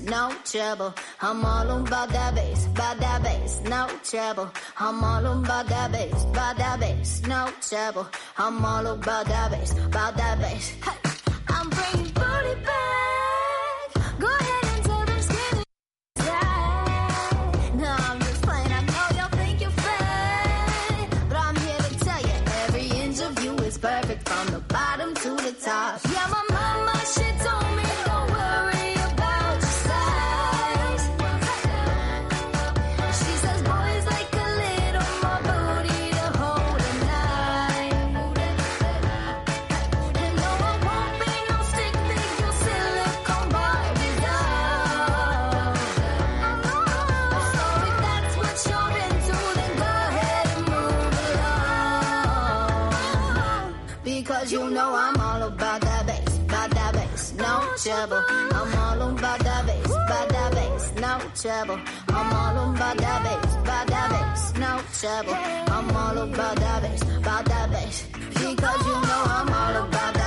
no trouble. I'm all about that bass, about that bass, no trouble. I'm all about that bass, about that bass, no trouble. I'm all about that bass, about that bass. Hey, I'm bringing booty back. trouble. I'm all about that bass, about that bass, no trouble. I'm all about that bass, about that bass, because you know I'm all about that.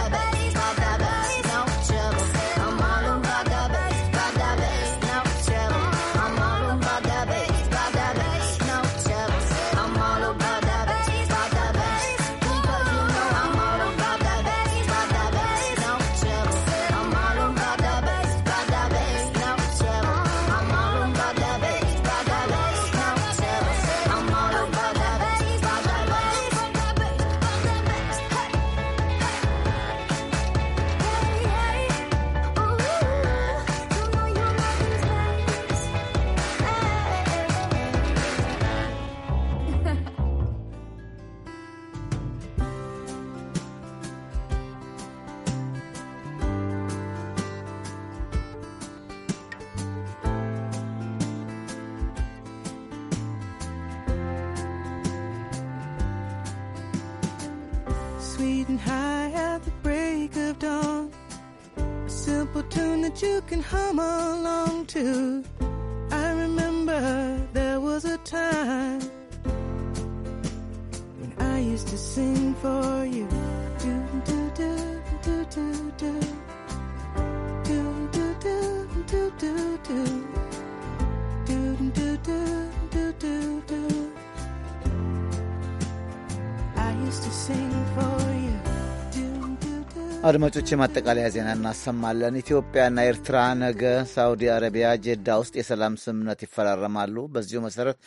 አድማጮች የማጠቃለያ ዜና እናሰማለን። ኢትዮጵያና ኤርትራ ነገ ሳውዲ አረቢያ ጄዳ ውስጥ የሰላም ስምምነት ይፈራረማሉ። በዚሁ መሰረት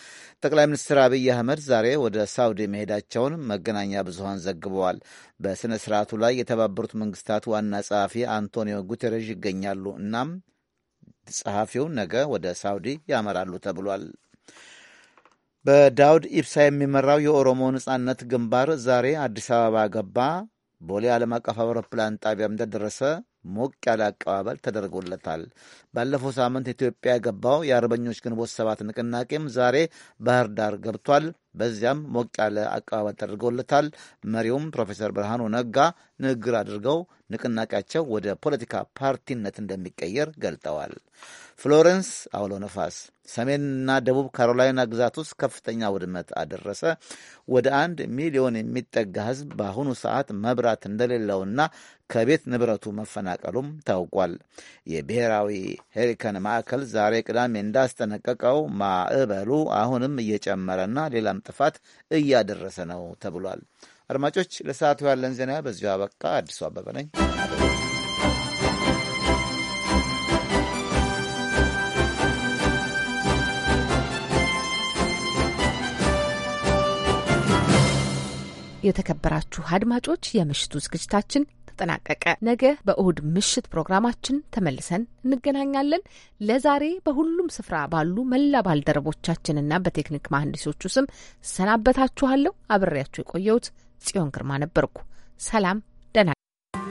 ጠቅላይ ሚኒስትር አብይ አህመድ ዛሬ ወደ ሳውዲ መሄዳቸውን መገናኛ ብዙሀን ዘግበዋል። በሥነ ሥርዓቱ ላይ የተባበሩት መንግስታት ዋና ጸሐፊ አንቶኒዮ ጉቴሬሽ ይገኛሉ። እናም ጸሐፊው ነገ ወደ ሳውዲ ያመራሉ ተብሏል። በዳውድ ኢብሳ የሚመራው የኦሮሞ ነጻነት ግንባር ዛሬ አዲስ አበባ ገባ። ቦሌ ዓለም አቀፍ አውሮፕላን ጣቢያም እንደደረሰ ሞቅ ያለ አቀባበል ተደርጎለታል። ባለፈው ሳምንት ኢትዮጵያ የገባው የአርበኞች ግንቦት ሰባት ንቅናቄም ዛሬ ባህር ዳር ገብቷል። በዚያም ሞቅ ያለ አቀባበል ተደርገውለታል። መሪውም ፕሮፌሰር ብርሃኑ ነጋ ንግግር አድርገው ንቅናቄያቸው ወደ ፖለቲካ ፓርቲነት እንደሚቀየር ገልጠዋል። ፍሎረንስ አውሎ ነፋስ ሰሜንና ደቡብ ካሮላይና ግዛት ውስጥ ከፍተኛ ውድመት አደረሰ። ወደ አንድ ሚሊዮን የሚጠጋ ሕዝብ በአሁኑ ሰዓት መብራት እንደሌለውና ከቤት ንብረቱ መፈናቀሉም ታውቋል። የብሔራዊ ሄሪከን ማዕከል ዛሬ ቅዳሜ እንዳስጠነቀቀው ማዕበሉ አሁንም እየጨመረና ሌላም ጥፋት እያደረሰ ነው ተብሏል። አድማጮች ለሰዓቱ ያለን ዜና በዚሁ አበቃ። አዲሱ አበበ ነኝ።
የተከበራችሁ አድማጮች የምሽቱ ዝግጅታችን ተጠናቀቀ። ነገ በእሁድ ምሽት ፕሮግራማችን ተመልሰን እንገናኛለን። ለዛሬ በሁሉም ስፍራ ባሉ መላ ባልደረቦቻችንና በቴክኒክ መሐንዲሶቹ ስም ሰናበታችኋለሁ። አብሬያችሁ የቆየሁት ጽዮን ግርማ ነበርኩ። ሰላም።